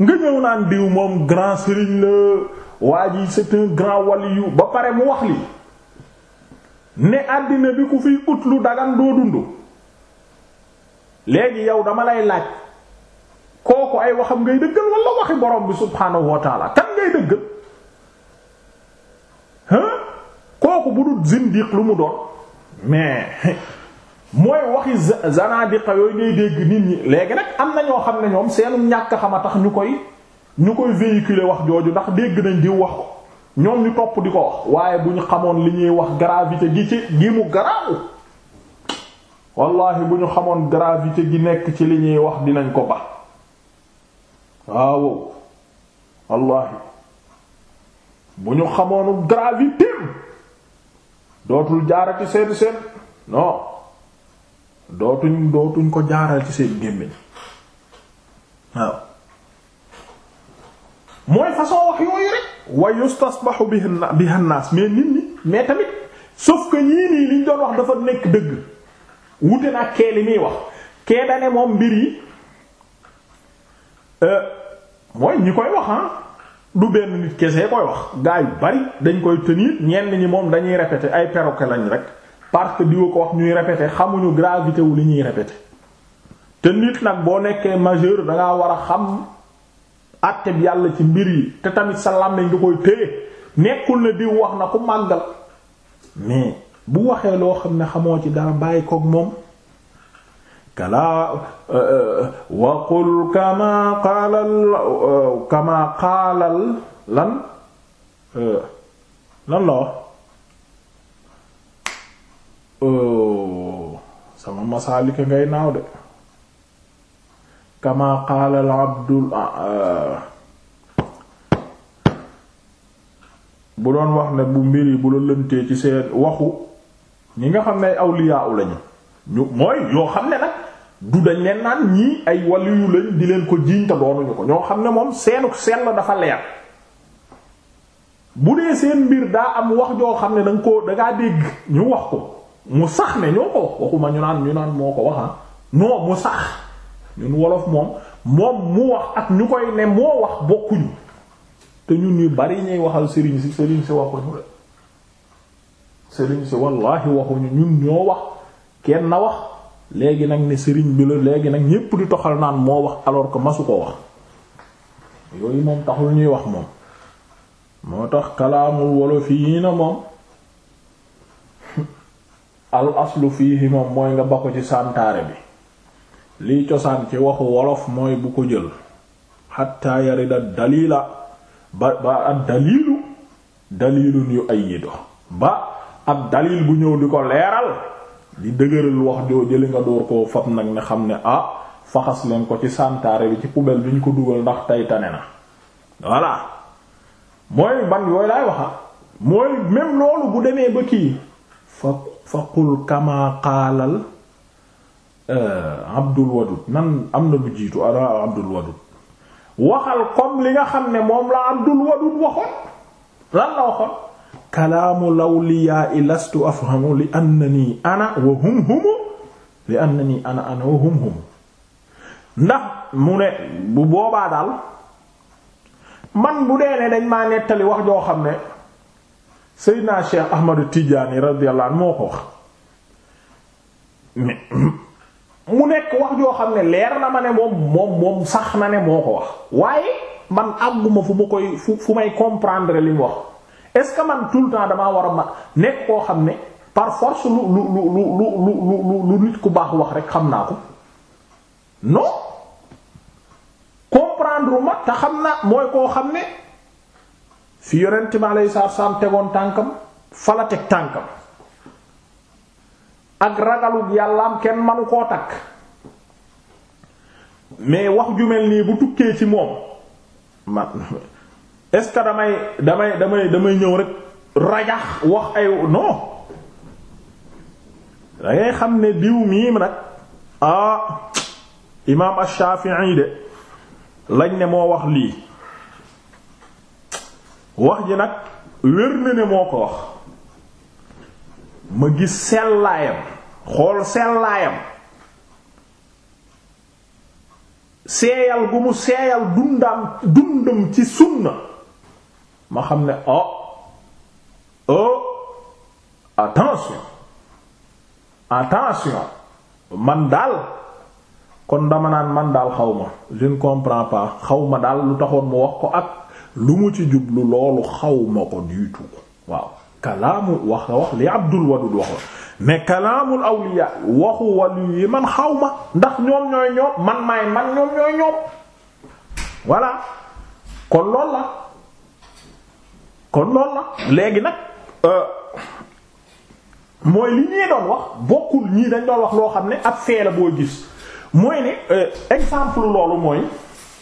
nga ñëw naan diw moom grand sëriñ la waa ji c'est un grand waliyu ba pare mu wax lii ne àddina bi ku fiy ut lu dagan doo dund léegi yow dama lay laaj kooku ay waxam ngay dëggal wala waxi borom bi subhaanahu wa taala kan ngay dëggal hein kooku bu dul zindiq lu mu doon mais mooy waxi zanadiqa yooyu ngay dégg nit ñi léegi nag am na ñoo xam ne ñoom seenum ñàkk xam a tax ñu koy ñu koy véhiculer wax jooju ndax dégg nañ diw wax ko ñoom ñu topp di ko wax waaye bu ñu xamoon li ñuy wax gravité gi ci gi mu garaaw wallahi bu ñu xamoon gravité gi nekk ci li ñuy wax dinañ ko ba waaw wallahi bu ñu xamoonu gravité dootul jaarati seen seen non dootuñ dootuñ ko jaaral ci seen gémmiñ waaw mooy façon wax yooyu rek wa yustasbahu biha naas mais nit ñi mais tamit sauf que ñii nii liñ doon wax dafa nekk dëgg wute nag kee li muy wax kee dane moom mbir yi euh, mooy ñi koy wax ah du benn nit kese koy wax gaa yu bari dañ koy tenir ñenn ñi moom dañuy répéter ay perroquet lañ rek parce que diwa ko wax ñuy répéter xamuñu gravité li ñuy répéter te nit nag boo nekkee majeur dangaa war a xam àtte bi yàlla ci mbir yi te tamit sa làmmiñ du koy téye nekkul na diw wax na ku màggal mais bu waxee loo xam ne xamoo ci dara bàyyi kook moom kala euh, euh, waqul kama qaalal euh, kama qaalal lan la wax Oh, sama masaalika ngay naaw de kama qaala al abdul ah, ah. bu doon wax ne bu mbir yi bu la lëntee ci seen waxu ñi nga xam ne ay awliyaaw lañu ñu mooy yoo xam ne nag du dañ leen naan ñii ay waliyu lañ di leen ko jiiñ te doonuñu ko ñoo xam ne moom seenu seen la dafa leer bu dee seen mbir daa am wax joo xam ne danga ko dangaa dégg ñu wax ko mu sax ne ñoo ko wax waxuma ñu naan ñu naan moo ko wax ah. non mu sax ñun wolof moom moom mu wax ak ñu koy ne moo wax bokkuñu te ñun yu bari ñuy waxal sëriñ si sëriñ si waxuñu la sëriñ si wallaahi waxuñu ñun ñoo wax kenn wax léegi nag ni sëriñ bi la léegi nag ñépp di toxal naan moo wax alors que masu ko wax yooyu moom taxul ñuy wax moom moo tax kalaamul wolof yi na moom al aslu fiihi moom mooy nga ba ko ci santaare bi liy cosaan ci waxu wolof mooy bu ko jël xatta yarida dalila ba ba ab dalilu dalilun yu ay yido ba ab dalil bu ñëw di ko leeral di dëgëral wax joo jëli nga door koo fab nag ne xam ne a ah, faxas leen ko ci santaare bi ci poubelle bi ñu ko dugal ndax tey tane na voilà mooy ban yooyu laay waxa mooy même loolu bu demee ba kii faqul kama qaalal euh, Abdul Wadud nan am na bu jiitu ara Abdul Wadud waxal comme li nga xam ne moom la Abdul Wadud waxoon lan la waxoon kalaamu lawliyaa lastu afhamu li annani ana wa hum humu li annani ana ana wa hum humu ndax mu ne bu boobaa daal man bu dee ne dañ maa nettali wax joo xam ne Seydina Cheikh Ahmadu Tidiane radiyallahu anhu moo ko wax mu nekk wax joo xam ne leer na ma ne moom moom moom sax na ne moo ko wax waaye man àgguma fu ma koy fu may comprendre li mu wax est-ce que man tout le temps damaa war a ma nekk koo xam ne par force lu lu lu lu lu lu lu nit ku baax wax rek xam naa ko non comprendre ma te xam na mooy koo xam ne. fi yonent bi alayhi salaatu salaam tegoon tànkam fala teg tànkam ak ragalu yàllaam kenn manu koo takk mais wax ju mel nii bu tukkee ci moom man est-ce damay damay damay ñëw rek rajax wax ay non da xam ne diw miim nag ah imaam ash de lañ ne moo wax lii wax ji nag wér na ne moo ko wax ma gis sellaayam xool sellaayam seeyal gu mu seeyal dundam dundam ci sunna ma xam ne o oh, oh attention attention man daal kon dama naan man daal xaw ma je ne comprends xaw ma daal lu taxoon mu wax ko ak lu mu ci jublu loolu xaw ma ko du tout waaw kalaamu wax li Abdul Wadud waxoon mais kalaamul awliya waxu wàllu yi man xaw ma ndax ñoom ñooy ñoom man maay man ñoom ñoom voilà kon lool la kon lool la léegi nag euh, mooy li ñuy doon wax bokkul ñii dañ doon wax loo xam ne ab fee la boo gis mooy ne euh, exemple loolu mooy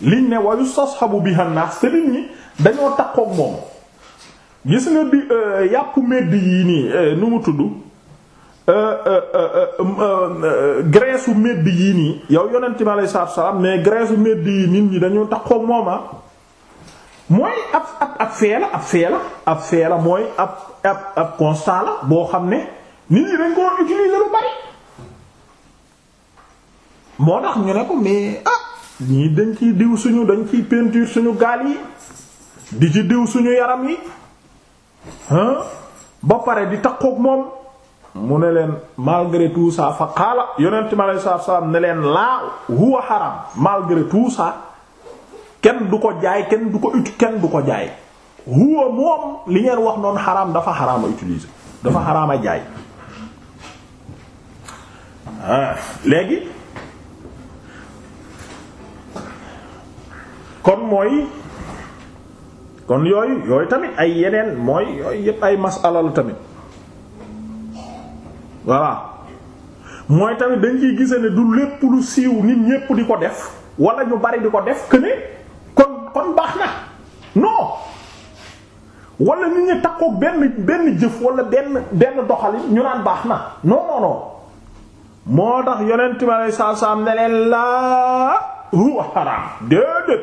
liñ ne wa yustashabu xabu an-nas te nit ñi dañoo takkook moom gis nga bi euh, yàppu medd yii nii euh, nu mu tudd euh, graisse u medd yii nii yow yonent bi aleyhi salaatu salaam mais graisse u medd yii nit ñi dañoo takkook moom ah mooy ab ab ab fee la ab fee la ab fee mooy ab ab ab constat la boo xam ne nit ñi dañ koo utiliser lu bari moo tax ñu ne ko mais ah ñii dañ ciy diw suñu dañ ciy peinture suñu gaal yi di ci diw suñu yaram yi ba pare di takkook moom mu ne leen malgré tout ça fa xaala yonent mi aleyhi salaatu ne leen laa huwa xaram malgré tout ça kenn du ko jaay kenn du ko ut kenn du ko jaay huwa moom li ngeen wax noonu xaram dafa haram utiliser dafa haram a jaay ah, léegi kon mooy kon yooyu yooyu tamit ay yeneen mooy yooyu yépp ay masala la tamit voilà mooy tamit dañ ciy gise ne du lépp siiw nit ñépp di ko def walla ñu bari di ko def que ne kon kon baax na non wala nit ñi takkoog benn benn jëf wala benn benn doxalin ñu naan baax na non moo tax yeneen bi alei saatu salaam ne leen la huwa haram déedéet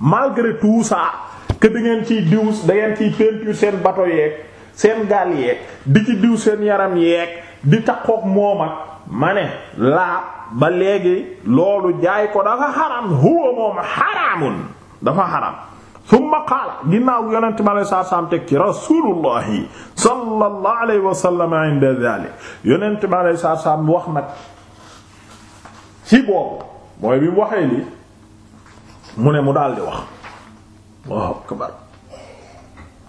malgré tout ça que da ngeen ciy diw dangeen ngeen ciy peinture seen bato yeeg seen gaal yeeg di ci diw seen yaram yeeg di takkoog moom ak ma ne laa ba léegi loolu jaay ko dafa xaram huwa moom xaraamun dafa xaram ginnaaw yonente mi alei satu teg ci rasulullahi sallallahu alayhi wa sallam inda zalik yonente mi alei satu salaam wax nag ci boobu mooy bi mu waxee li mu ne mu daldi wax waaw akbar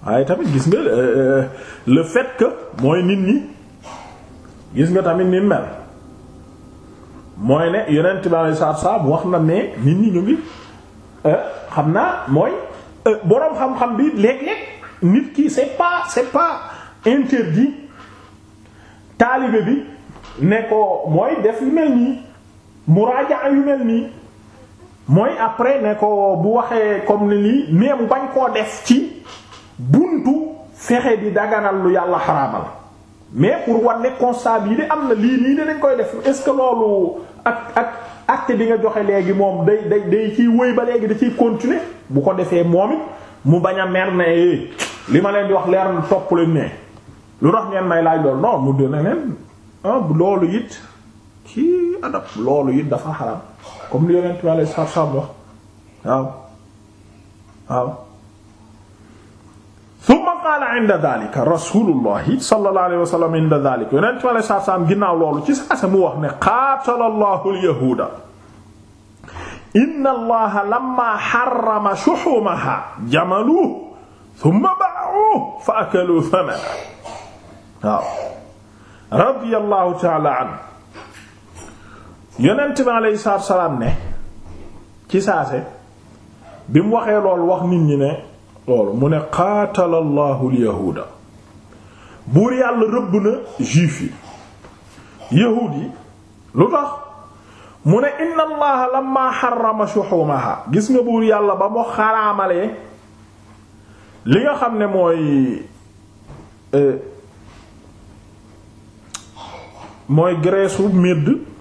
waaye tamit gis nga euh, euh, le fait que mooy nit ñi gis nga tamit ni mel mooy ne yonent bi alei saatu salaam wax na ne nit ñi ñu ngi euh, xam naa mooy boroom xam-xam bi léeg-léeg nit ki c'est pas c'est pas interdit taalibe bi ne ko mooy def yu mel nii muraaja yu mel nii mooy après ne ko bu waxee comme ni lii mais mu bañ koo def ci buntu fexe di daganal lu yàlla xaraamal mais pour wane constat bii de am na lii nii dañ koy def est-ce que loolu ak ak acte bi nga joxe léegi moom day day day ciy wëy ba léegi da ciy continuer bu ko defee moom it mu bañ a mer ne eh, li ma leen di wax leer na topp leen ne lu tax ngeen may laaj loolu non mu dina leen ah, loolu it. ci adab loolu it dafa xaram comme li yonent bi alayhi salaam wax waaw waaw summa qaala inda daalika rasuulullahi sallallahu alayhi wa sallam inda daalika yonent bi alayhi salaam ginnaaw loolu ci saasa mu wax ne qaatala allahu alyahuuda inna allaha lamma harrama shuhumaha jamaluhu thumma ba'uhu fa akalu thamanahu waaw radiyallahu ta'ala anhu yonent bi aleyhi salaatu salaam ne ci saase bi mu waxee lool wax nit ñi ne loolu mu ne qaatala allahu alyahuuda buur yàlla rëbb na juif yi yahuud yi lu tax mu ne inna allaha lamma xarama shuhumaha gis nga buur yàlla ba mu xaraamalee li nga xam ne mooy euh, mooy graisse u midd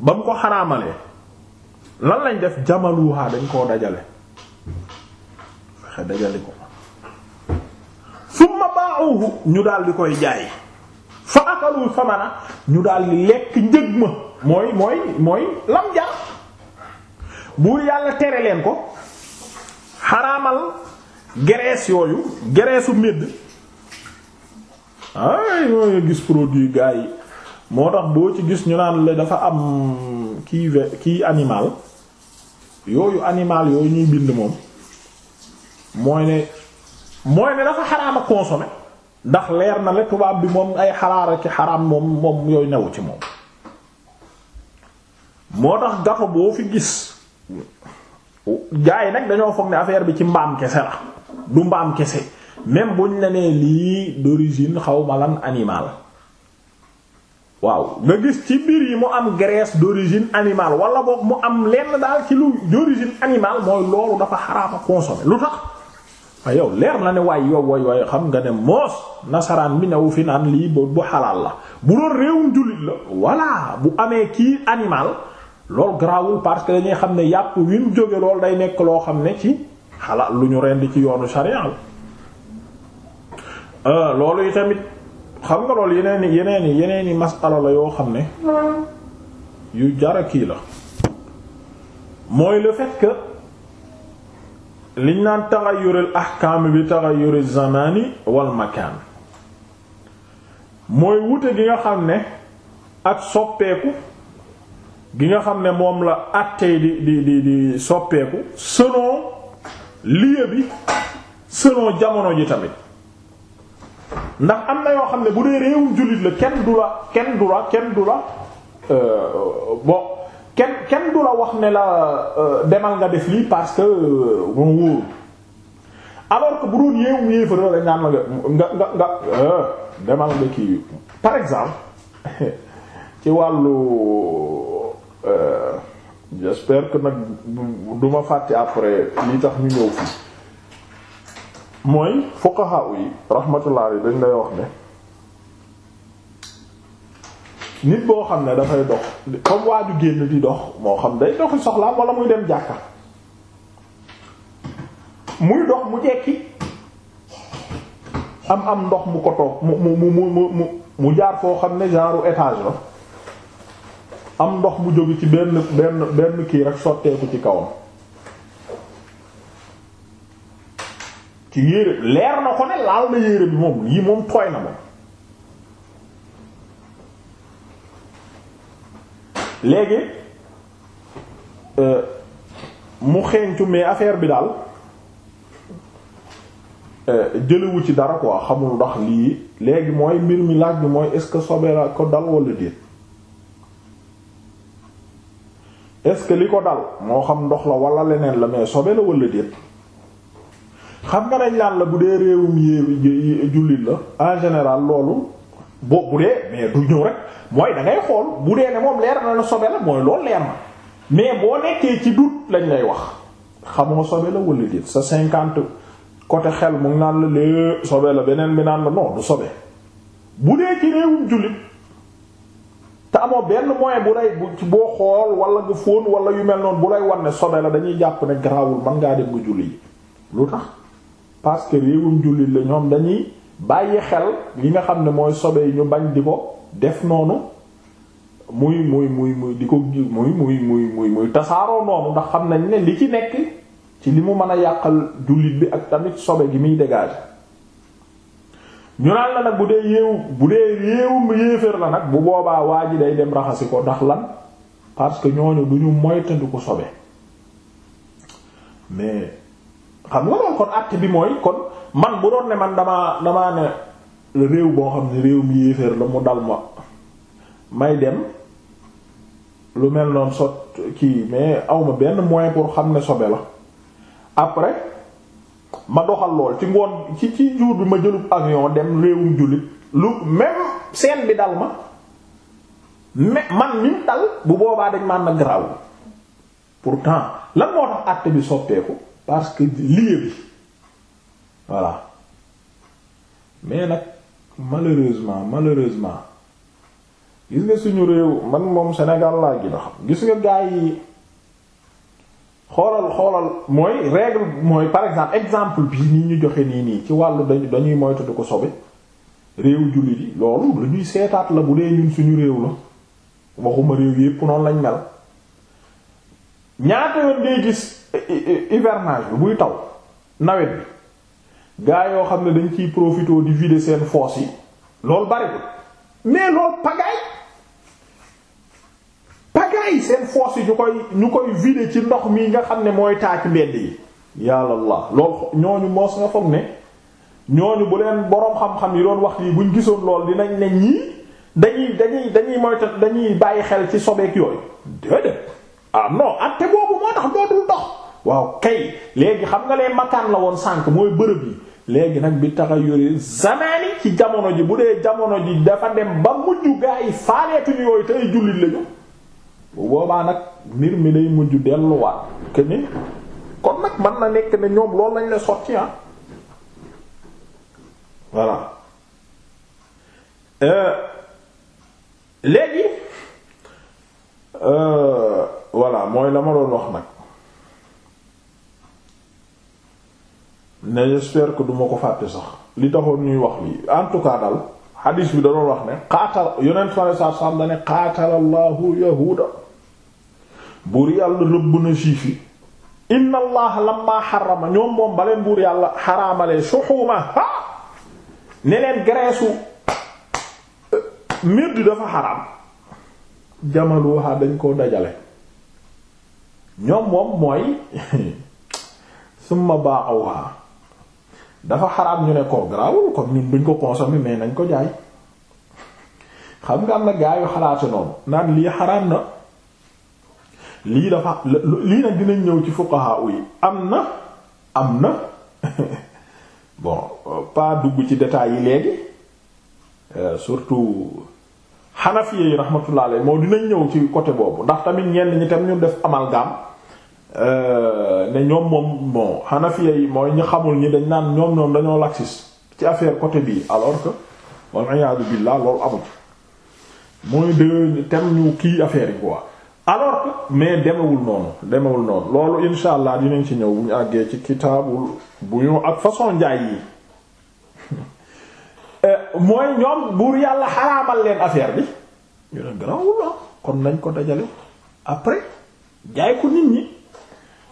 ba mu ko xaraamalee lan lañ def jamaluha dañ koo dajale fexe dajale ko summa ba'uhu ñu daldi koy jaay fa akalu samana ñu daal di lekk njëg ma mooy mooy mooy lam jar buur yàlla tere leen ko xaraamal graisse yooyu graisse u médd ay yooyu gis produit gaa yi moo tax boo ci gis ñu naan la dafa am kii ve kii animal yooyu animal yooyu ñuy bind moom mooy ne mooy ne dafa xaraam a consommer ndax leer na la tubaab bi moom ay xalaara ci xaraam moom moom yooyu newu ci moom moo tax gato boo fi gis gaa yi nag dañoo foog ne affaire bi ci mbaam kese la du mbaam kese même buñ la nee lii d'origine xaw ma lan waaw nga gis ci mbir yi mu am graisse d'origine animale wala boo mu am lenn daal ci lu d'origine animale mooy loolu dafa xaraama consommer lu tax a ah, yow leer na ne waay yow waay waay xam nga ne moos nasaraan bi ñëw fi naan lii boobu bu xalaal la bu doon réewum jullit la walla bu amee kii animal loolu grawul parce que dañuy xam ne yàpp wi mu jóge loolu day nekk loo xam ne ci xalaal lu ñu rendi ci yoonu sharia la euh, loolu tamit xam nga loolu yeneen i yeneen i yeneen i masala la yoo xam ne yu jara kii la mooy le fait liñ naan taghayyurul ahkaam bi taghayyurul zamani wal makaan mooy wute gi nga xam ne ak soppeeku gi nga xam ne moom la àttee di di di di soppeeku selon lieu bi selon jamono ji tamit ndax am na yoo xam ne bu dee réewum jullit la kenn du la kenn du la kenn du la euh, bon kenn kenn du la wax ne la euh, demal nga def lii parce que euh, moom wóorul alors que bu doon yéewum yéefara la ñaan la nga nga nga demal nga kii par exemple ci wàllu j'espère que nag duma fàtte après li tax ñu ñëw mooy fuqaha yi rahmatullah dañ lay wax ne nit boo xam ne dafay dox comme waa ju génn di dox moo xam day doxi soxlaam wala muy dem jàkka muy dox mu jekki am am ndox mu ko toog mu mu mu mu mu mu jaar foo xam ne genre étage la am ndox mu jóge ci benn benn benn kii rek sotteeku ci kawam ci yére leer na ko ne laal na yére bi moom yi moom tooy na moom léegi euh, mu xeeñcu mais affaire bi daal euh, jëlewu ci dara quoi xamul ndax lii léegi mooy mbir mi laaj bi mooy est-ce que sobe la ko dal wala déet est-ce que li ko dal moo xam ndox la wala leneen la mais sobe la wala déet xam nga dañ laan la bu dee réewum yéew jullit la en général loolu boo bu dee mais du ñëw rek mooy da xool bu dee ne moom leer na la sobe la mooy mais boo nekkee ci doute lañ lay wax xamoo sobe la wala sa cinquante côté xel mu ngi sobe la beneen bi naan la non du bu dee ci réewum jullit te amoo benn moyen bu lay boo xool wala nga fóon wala yu mel noonu bu lay wan ne sobe la dañuy jàpp ne garaawul mën ngaa dem nga julli yi lu tax parce que réewum jullit la ñoom dañuy bàyyi xel li nga xam ne mooy sobe ñu bañ di ko def noonu muy muy muy muy di ko muy muy muy muy muy tasaaroo noonu ndax xam nañ ne li ci nekk ci li mu mën a yàqal jullit bi ak tamit sobe gi muy dégage ñu naan la nag bu dee yéew bu dee yéewum yéeféer la nag bu boobaa waa ji day dem raxasi ko ndax lan parce que ñooñu du ñu moytandiku sobe mais xam nga loolu kon acte bi mooy kon man bu doon ne man damaa damaa ne réew boo xam ne réew mi yéeféer la mu dal ma may dem lu mel noonu sot kii mais awma benn moyen pour xam ne sobe la après ma doxal lool ci ngoon ci ci jour bi ma jëlub avion dem réewum jullit lu même seen bi dal ma mais man mim dal bu boobaa dañ man na garaw pourtant lan moo tax acte bi soppeeku parce que lieu bi voilà mais nag malheureusement malheureusement gis nga suñu réew man moom Sénégal laa gën a xam gis nga gaay yi xoolal xoolal mooy règle mooy par exemple exemple bii nii ñu joxe nii nii ci wàllu dañu dañuy moytu di ko sobe réew jullit yi loolu lu ñuy seetaat la bu dee ñun suñu réew la waxuma réew yépp noonu lañ mel ñaata yoon ngay gis eh, eh, eh, hivernage bi buy taw nawet bi gaa yoo xam ne dañ ciy profité di vider seen fosse yi loolu bari bi mais loolu pagaille pagaille seen fosse yi ñu koy ñu koy vider ci ndox mi nga xam ne mooy taa ci mbedd yi yàlla la loolu ñooñu moos nga foog ne ñooñu bu leen boroom xam-xam yi doon wax yi buñ gisoon lool dinañ ne ñii dañuy dañuy dañuy moyta dañuy bàyyi xel ci sobeek yooyu déedéet ah non atte boobu moo tax dootul dox waaw kay léegi xam nga leen makaan la woon sànk mooy bërëb yi léegi nag bi tax a yore zamaani ci jamono ji bu dee jamono ji dafa dem ba mujj gaa yi faaleetuñu yooyu tey jullit lañu boobaa nag mbir mi day mujj delluwaat que ni kon nag mën na nekk ne ñoom loolu lañ la sotti ah voilà euh, léegi. Euh, voilà mooy la ma doon wax nag ne j'espère duma ko fàtte sax li taxoon ñuy wax li en tout cas daal xadiis bi da doon wax ne xaatal yonent sallallahu alayhi wasallam ne xaatalallaahu yahuuda buur yàlla rëbb na juif yi inna allaha lamma xarama ñoom moom baleen buur yàlla xaraamalee suxuuma ha ne leen graisse u euh, médd dafa xaram jamaluha dañ koo dajale ñoom moom mooy summa ba'uha dafa xaraam ñu ne ko garaawul kon ñun duñ ko consome mais nañ ko jaay xam nga am na gaa yu xalaatu noonu naan lii xaraam na lii dafa lii nag dinañ ñëw ci fuqaha yi am na am na bon pas dugg ci détails yi léegi euh, surtout Hanafi yi rahmatullah alayhi moo dinañ ñëw ci coté boobu ndax tamit ñenn ñi tam ñu def amalgame Euh, ne ñoom moom bon hanafiya yi mooy ñu xamul ñi dañ naan ñoom ñoom dañoo laxis ci affaire côté bii alors que wal iyaadu billah loolu amul mooy de tem ñu kii affaire yi quoi alors que mais demewul noonu demewul noonu loolu insha allah dinañ si ñëw bu ñu àggee ci kitaabul bu ñu ak façon njaay yi euh, mooy ñoom buur yàlla xaraamal leen affaire bi ñu ne garaawul la ah. kon nañ ko dajale après jaay ko nit ñi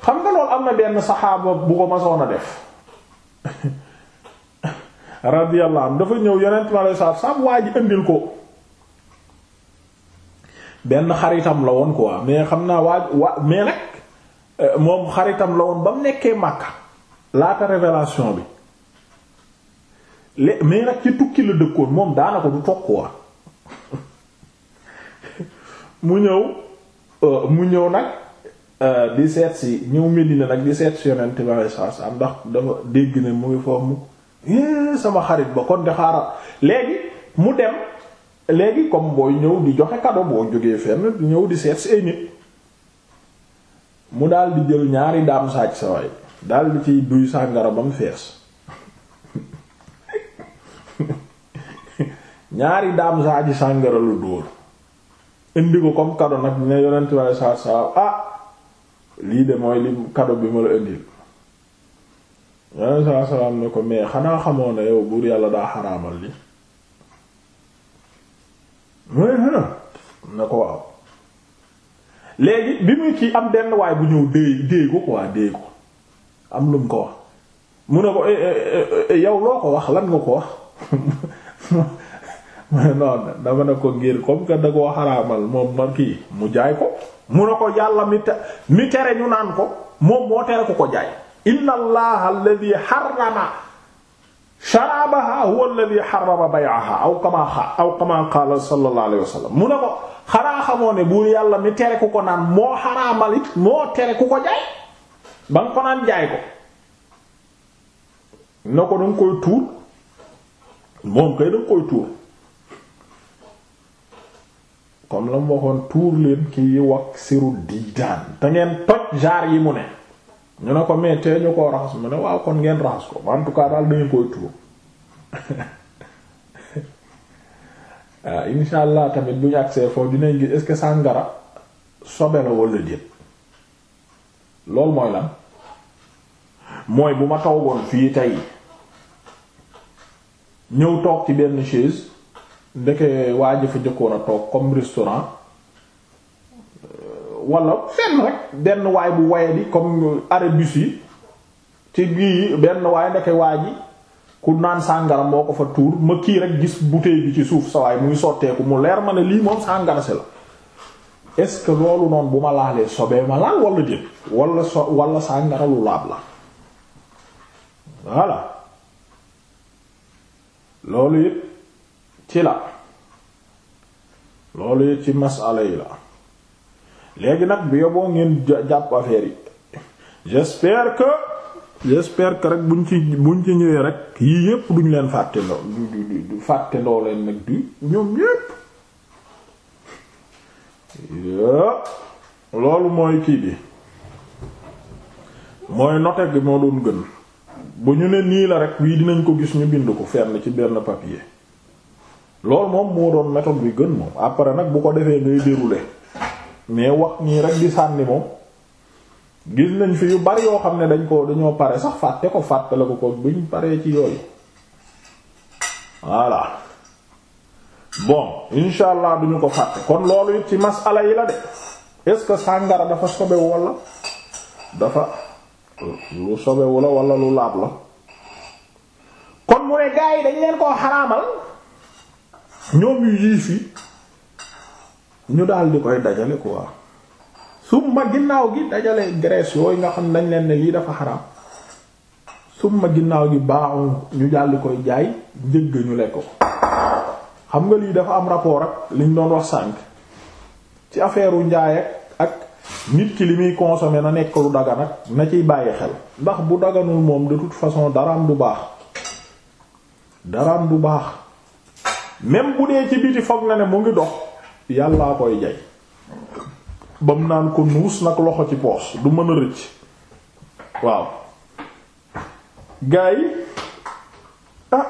xam nga loolu am na benn saxaaba bu ko masoon a def radiyallahu anhu dafa ñëw yonent mi alei satu salaam waa ji indil ko benn xaritam la woon ko mais xam naa waa waa mais nag euh, moom xaritam la woon ba mu nekkee Makka laata révélation bi lé mais nag ci tukki la dëkkoon moom daanaka du toog quoi mu ñëw euh, mu ñëw nag Euh, di seet si ñëw Medina nag di seet si yonent bi alayhi salaatu salaam mu ngi foofu mu eh, sama xarit ba kon di xaaral léegi mu dem léegi comme booy ñëw di joxe kado boo jógee fenn ñëw di seet si mu daal di jël ñaari daam saaj sa waay daal di ciy duy sàngara ba mu fees ñaari daam saaji sàngara lu dóor indi ko comme kado nag ne yonent bi alayhi salaatu salaam ah lii de mooy li kado bi ma la indil yonent saa salaam ne ko mais xanaa xamoon ne yow buur yàlla daa xaraamal li mooy xanaa ne ko waaw léegi bi muy ci am benn waay bu ñëw déey déey ko quoi déey ko am lu mu ko wax mu ne ko eh, eh, eh, yow loo ko wax lan nga ko wax mu ne noonu dama ne ko ngir comme que da xaraamal moom ma mu jaay ko mu ne ko yàlla mi te mi tere ñu naan ko moom moo tere ku ko jaay inna allaha alladhi harrama sharabaha huwa alladhi harrama bay'aha aw kama aw kama qala sallallahu alayhi wasallam mu ne ko xanaa xamoo ne buur yàlla mi tere ku ko naan moo xaraamal it moo tere ku ko jaay ba nga ko naan jaay ko na ko danga koy tuur moom kay danga koy tuur comme la mu waxoon tuur leen kii wax siru diidaan te ngeen toj jaar yi mu ne ñu ne ko mais tee ñu koo raxas mu ne waaw kon ngeen raxas ko en daal dañu koy tuur waaw ah, insha allah tamit bu ñu agsee foofu dinañ gis est-ce que sàngara sobe la walla déet loolu mooy lan mooy bu ma toogoon fii tey ñëw toog ci benn chaise ndeke waa ji fa jëkkoon a toog comme restaurant euh, wala fenn rek benn waay bu waye di comme arabus yi ci gii benn waay ndeke waa ji ku naan sàngara moo ko fa tuur ma kii rek gis bouteille bi ci suuf sa waay ngi sotteeku mu leer ma ne lii moom sàngara si la est-ce que loolu noonu bu ma laalee sobee ma laal wala déet wala so wala sàngara lu laab la voilà loolu it ci la loolu it ci masala yi la léegi nag bi yoboo ngeen jàpp affaire yi j'espère que j'espère que rek buñ ci buñ ci ñëwee rek yii yépp duñ leen fàtte loo du du du fàtte loo leen nag du ñoom yépp loolu mooy kii mooy note gi moo doon gën bu ñu ne nii la rek bii dinañ ko gis ñu bind ko fenn ci benn papier loolu moom moo doon méthode bi gën moom après nag bu ko defee ngay dérouler mais wax nii rek di sànni moom gis nañ fi yu bari yoo xam ne dañ ko dañoo pare sax fàtte ko fàttale ko ko buñ paree ci yooyu voilà bon insha allah duñu ko fàtte kon loolu it ci masala yi la de est-ce que sàngara dafa sobe walla dafa lu sobe walla walla lu laab la kon mu ne gaa yi dañ leen koo xaraamal ñoom yu yiif yi ñu dal di koy dajale ko quoi summa ginnaaw gi dajale graisse yooyu nga xam nañ leen ne lii dafa xaraam summa ginnaaw gi baaxul ñu daal di koy jaay njëgg ñu lekk ko xam nga lii dafa am rapport ak liñ doon wax sànq ci affaire u njaay ak nit ki li muy consome na nekk lu dagan ak na ciy bàyyi xel ndax bu daganul moom de toute façon am bu baax daraam bu baax. même bu dee ci biti foog na ne mu ngi dox yàllaa koy jay ba mu naan ko nuus nag loxo ci poos du mën a rëcc waaw gaa yi ah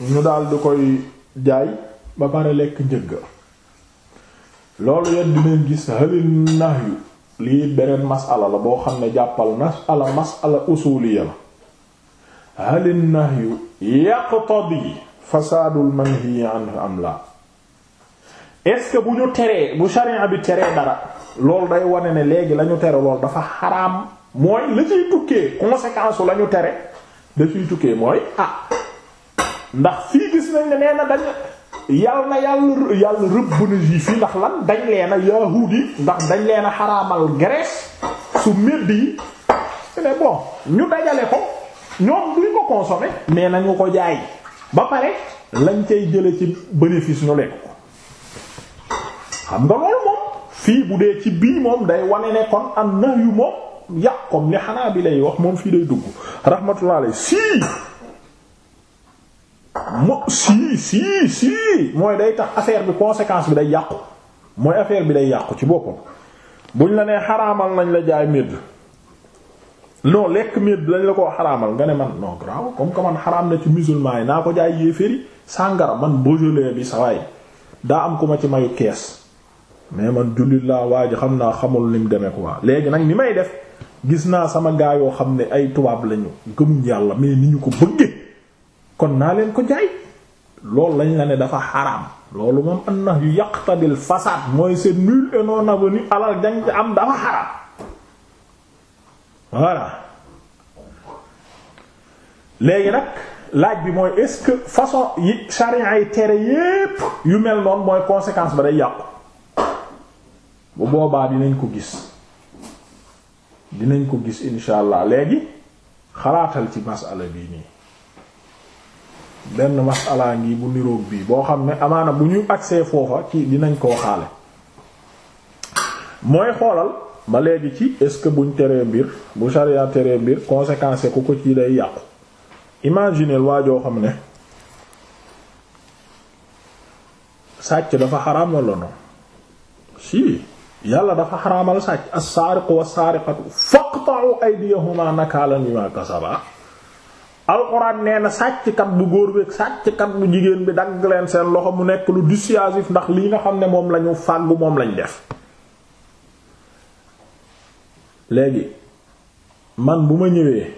ñu daal di koy jaay ba pare lekk njëgga loolu yet dinañ gis halil nax yu lii beneen masala la boo xam ne jàppal masala masala usuliya la halil nax yu yàqtod yi fasaadul manhi anhu am la est bu ñu teree bu sharia bi teree dara loolu day wane ne léegi la ñu tere loolu dafa xaraam mooy la ciy tukkee conséquence la tere da tukkee mooy ah ndax fii gis nañ ne nee na dañ yàlla na yàlla yàlla rëbb na juif yi ndax lan dañ leen a yahuud yi ndax dañ leen a xaraamal Grèce su medd yi ne bon ñu dajale ko ñoom duñ ko consommer mais nañu ko jaay ba pare lañ cay jële ci bénéfice ñu lekk ko xam nga loolu moom fii bu dee ci bii moom day wane ne kon am na yu moom yàqom ni xanaa bi lay wax moom fii day dugg rahmatullah alay sii mo sii sii sii mooy day tax affaire bi conséquence bi day yàqu mooy affaire bi day yàqu ci boppam buñ la nee xaraamal lañ la jaay medd non lekk medd dañ la koo xaraamal nga ne man non graw comme que man xaraam na ci musulman yi naa ko jaay yéeféri sàngara man beaujolais bi sawaay daa am ku ma ci mayu kees mais man jullit laa waa ji xam naa xamul ni mu ko waa léegi nag ni may def gis naa sama gaa yoo xam ne ay tubaab lañu gëmuñ yàlla mais ni ñu ko bëggee kon naa leen ko jaay loolu lañ la ne dafa xaraam loolu moom an na yu yaqtadil fasaad mooy c'est nul et non avenu alal jañ am dafa voilà léegi nag laaj bi mooy est-ce que façon yi charia yi tere yépp yu mel noon mooy conséquence ba day yàqu bu boobaa dinañ ko gis dinañ ko gis insha allah léegi xalaatal ci masala bii nii benn masala ngi bu niroog bii boo xam ne amaana bu ñu agsee foofa ci dinañ koo xaale mooy xoolal ba léegi ci est-ce que buñ teree mbir bu sharia teree mbir conséquence ku ko ci day yàqu imagine waa joo xam ne sàcc dafa xaraam walla non si yàlla dafa xaraamal sàcc as-saariqu was-saariqatu faqta'u aydiyahumaa nakaalan bimaa kasabaa alxuraan nee na sàcckat bu góor beeg sàcckat bu jigéen bi dagg leen seen loxo mu nekk lu dissuasif ndax lii nga xam ne moom lañu fàggu moom lañu def léegi man bu ma ñëwee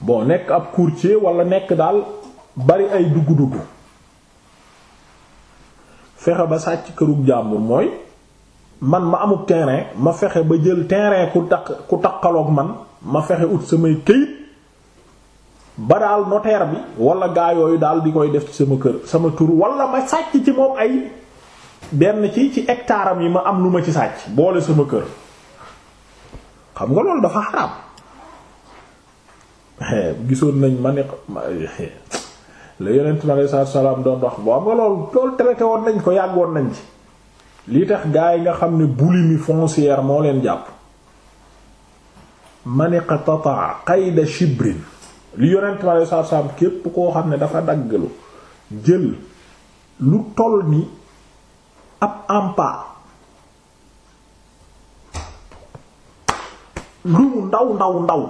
boo nekk ab courtier walla nekk daal bari ay dugg-dugg fexe ba sàcc kërug jàmbur mooy man ma amub terrain ma fexe ba jël terrain ku takk ku takkaloog man ma fexe ut samay këyit ba daal notaire bi walla gaa yooyu daal di koy def ci sama kër sama tur wala ma sàcc ci moom ay benn ci ci hectare am yi ma am lu ma ci sàcc boole sama kër xam nga loolu dafa xaraam gisoon nañ ma ne la yonent mi aleyhi salaatu salaam doon wax boo am nga loolu loolu traité woon nañ ko yàggoon nañ ci li tax gaa yi nga xam ne boulimie foncière moo leen jàpp maniqa tataa qayda shibrin li yonent mi aleyhi salaatu képp koo xam ne dafa daggalu jël lu toll ni ab ampa lu mu ndaw ndaw ndaw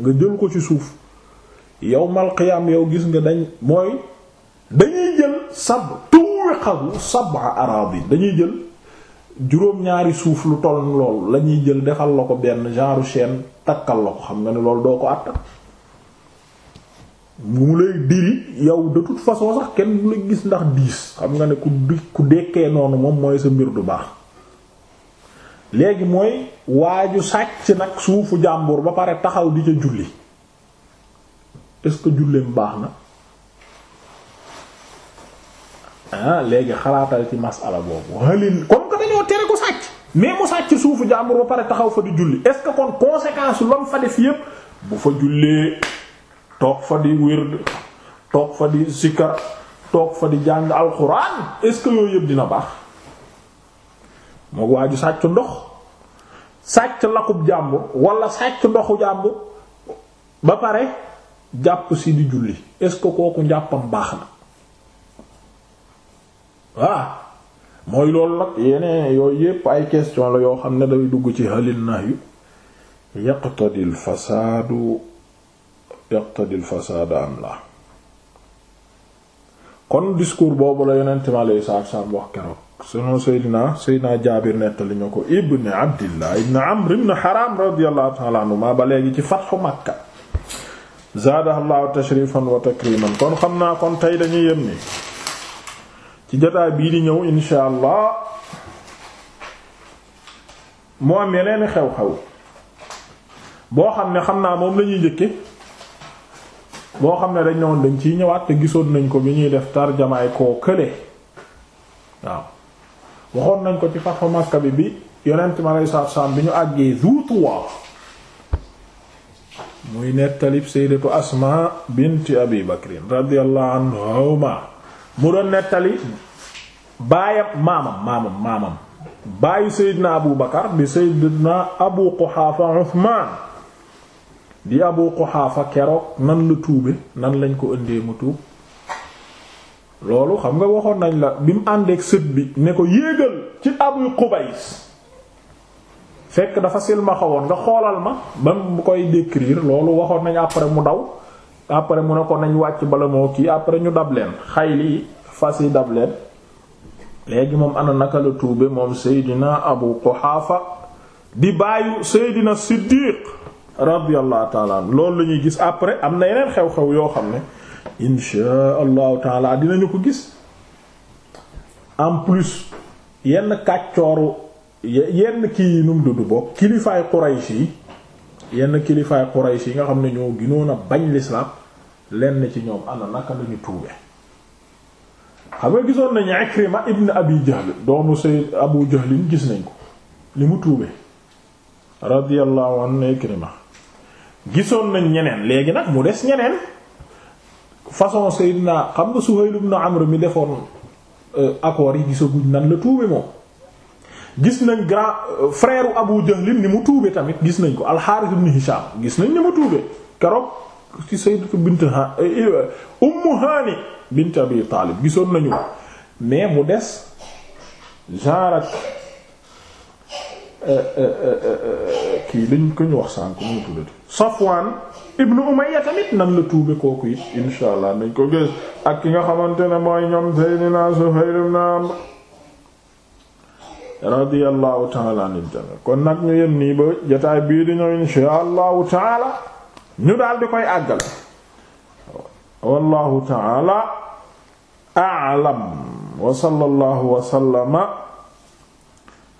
nga jël ko ci suuf yow qiyaam yow gis nga dañ mooy dañuy jël sab tuwiqahu sab'a araadi dañuy jël juróom-ñaari suuf lu toll lool lañuy jël defal la ko benn genre chaîne takkal la ko xam nga ne loolu doo ko àttan mu lay diri yow de toute façon sax kenn du la gis ndax diis xam nga ne ku di ku dekkee noonu moom mooy sa mbir du baax léegi mooy waaju sàcc nag suufu jàmbur ba pare taxaw di ca julli est-ce que julleem baax na ah, léegi xalaatal ci masala boobu halin comme que ko mais mu sàcc suufu jàmbur ba pare taxaw fa di julli est-ce que kon conséquence lu mu fa def yépp bu fa jullee toog fa di wird toog fa di sikkar toog fa di jàng alxuraan est-ce que yëpp dina baax moo waaju sàcc ndox sàcc lakub jàmbur walla sàcc ndoxu jàmbur ba pare jàpp si di julli est kooku njàppam baax na voilà mooy loolu nag yeneen yooyu yépp ay question la yoo xam ne day dugg ci halil nahyu yaqtadi al yaqtadil fasaada am la kon discours boobu la yonent mi alayhi salaatu salaam wax keroog sunu Seydina Seydina Jaabir nettali ñu ko ibn Abdillah ibn Amr ibn Haram radiyallahu ta'ala anhuma ba léegi ci fatxu Makka zaadahullahu tashrifan wa kon xam naa kon tey dañuy yem ni ci jotaay bii di ñëw insha allah mu am yeneen xew-xew boo xam ne xam naa moom lañuy njëkke boo xam ne dañ ne woon dañ ciy ñëwaat te gisoon nañ ko bi ñuy def tarjamaay koo kële waaw waxoon nañ ko ci fa Makka bi bi yonent mi alayhi salaatu salaam bi ñu àggee zuutuwaa muy nettalib sayyidatu Asma binti Abi Bakrin radiyallahu anhuma mu doon nettali baayam maamam maamam maamam baayu sayyidina Abu Bakar bi sayyidina Abu Quhaafa Uthman di Abu Quhafa keroog nan la tuube nan lañ ko indee mu tuub loolu xam nga waxoon nañ la bi mu àndeek sët bi ne ko yéegal ci Abu Qubays fekk dafa silma xawoon nga xoolal ma ba mu koy décrire loolu waxoon nañ après mu daw après mu ne ko nañ wàcc bala moo kii après ñu dab leen xayli fas yi dab leen léegi moom ana naka la tuube moom Seydina Abu Quhafa di bàyyu Seydina Siddiq radiyallahu taala an loolu la gis après am na yeneen xew-xew yoo xam ne insha allahu taala dinañu ko gis en plus yenn kàccooru yenn kii yi nu mu dudd kilifaay Quraysh yi yenn kilifaay Quraysh yi nga xam ne ñoo ginoon a bañ lislaam lenn ci ñoom ana naka lañu tuube xam nga gisoon nañu Ikrima ibn Abi Jahl doomu Sayyid Abu Jahl gis nañ ko li mu tuube radiyallahu anhu Ikrima gisoon nañ ñeneen léegi nag mu des ñeneen façon Seydina xam nga Suhayl na Amr mi defoon euh, accords yi gisaguñ nan la tuube moom gis nañ grand euh, frère Abu Jahl ni mu tuube tamit gis nañ ko al-Harith ibn Hisham gis nañ ni mu tuube keroog ci Sayyidatu bint euh, Ummu Hani bint Abi Talib gisoon nañu mais mu des genre Euh, euh, euh, kii liñ ko ñu wax sànk mu tuddati Safwan ibnu Umayya tamit la tuube kooku it insha nañ ko gis ak ki nga xamante ne mooy ñoom Seydina Zuhayr ibn Amr radiyallahu taala anil jami kon nag ñu yem nii ba jotaay bii di ñëw insha taala ñu daal di koy àggal wallahu taala a'lam wa sallallahu wa sallama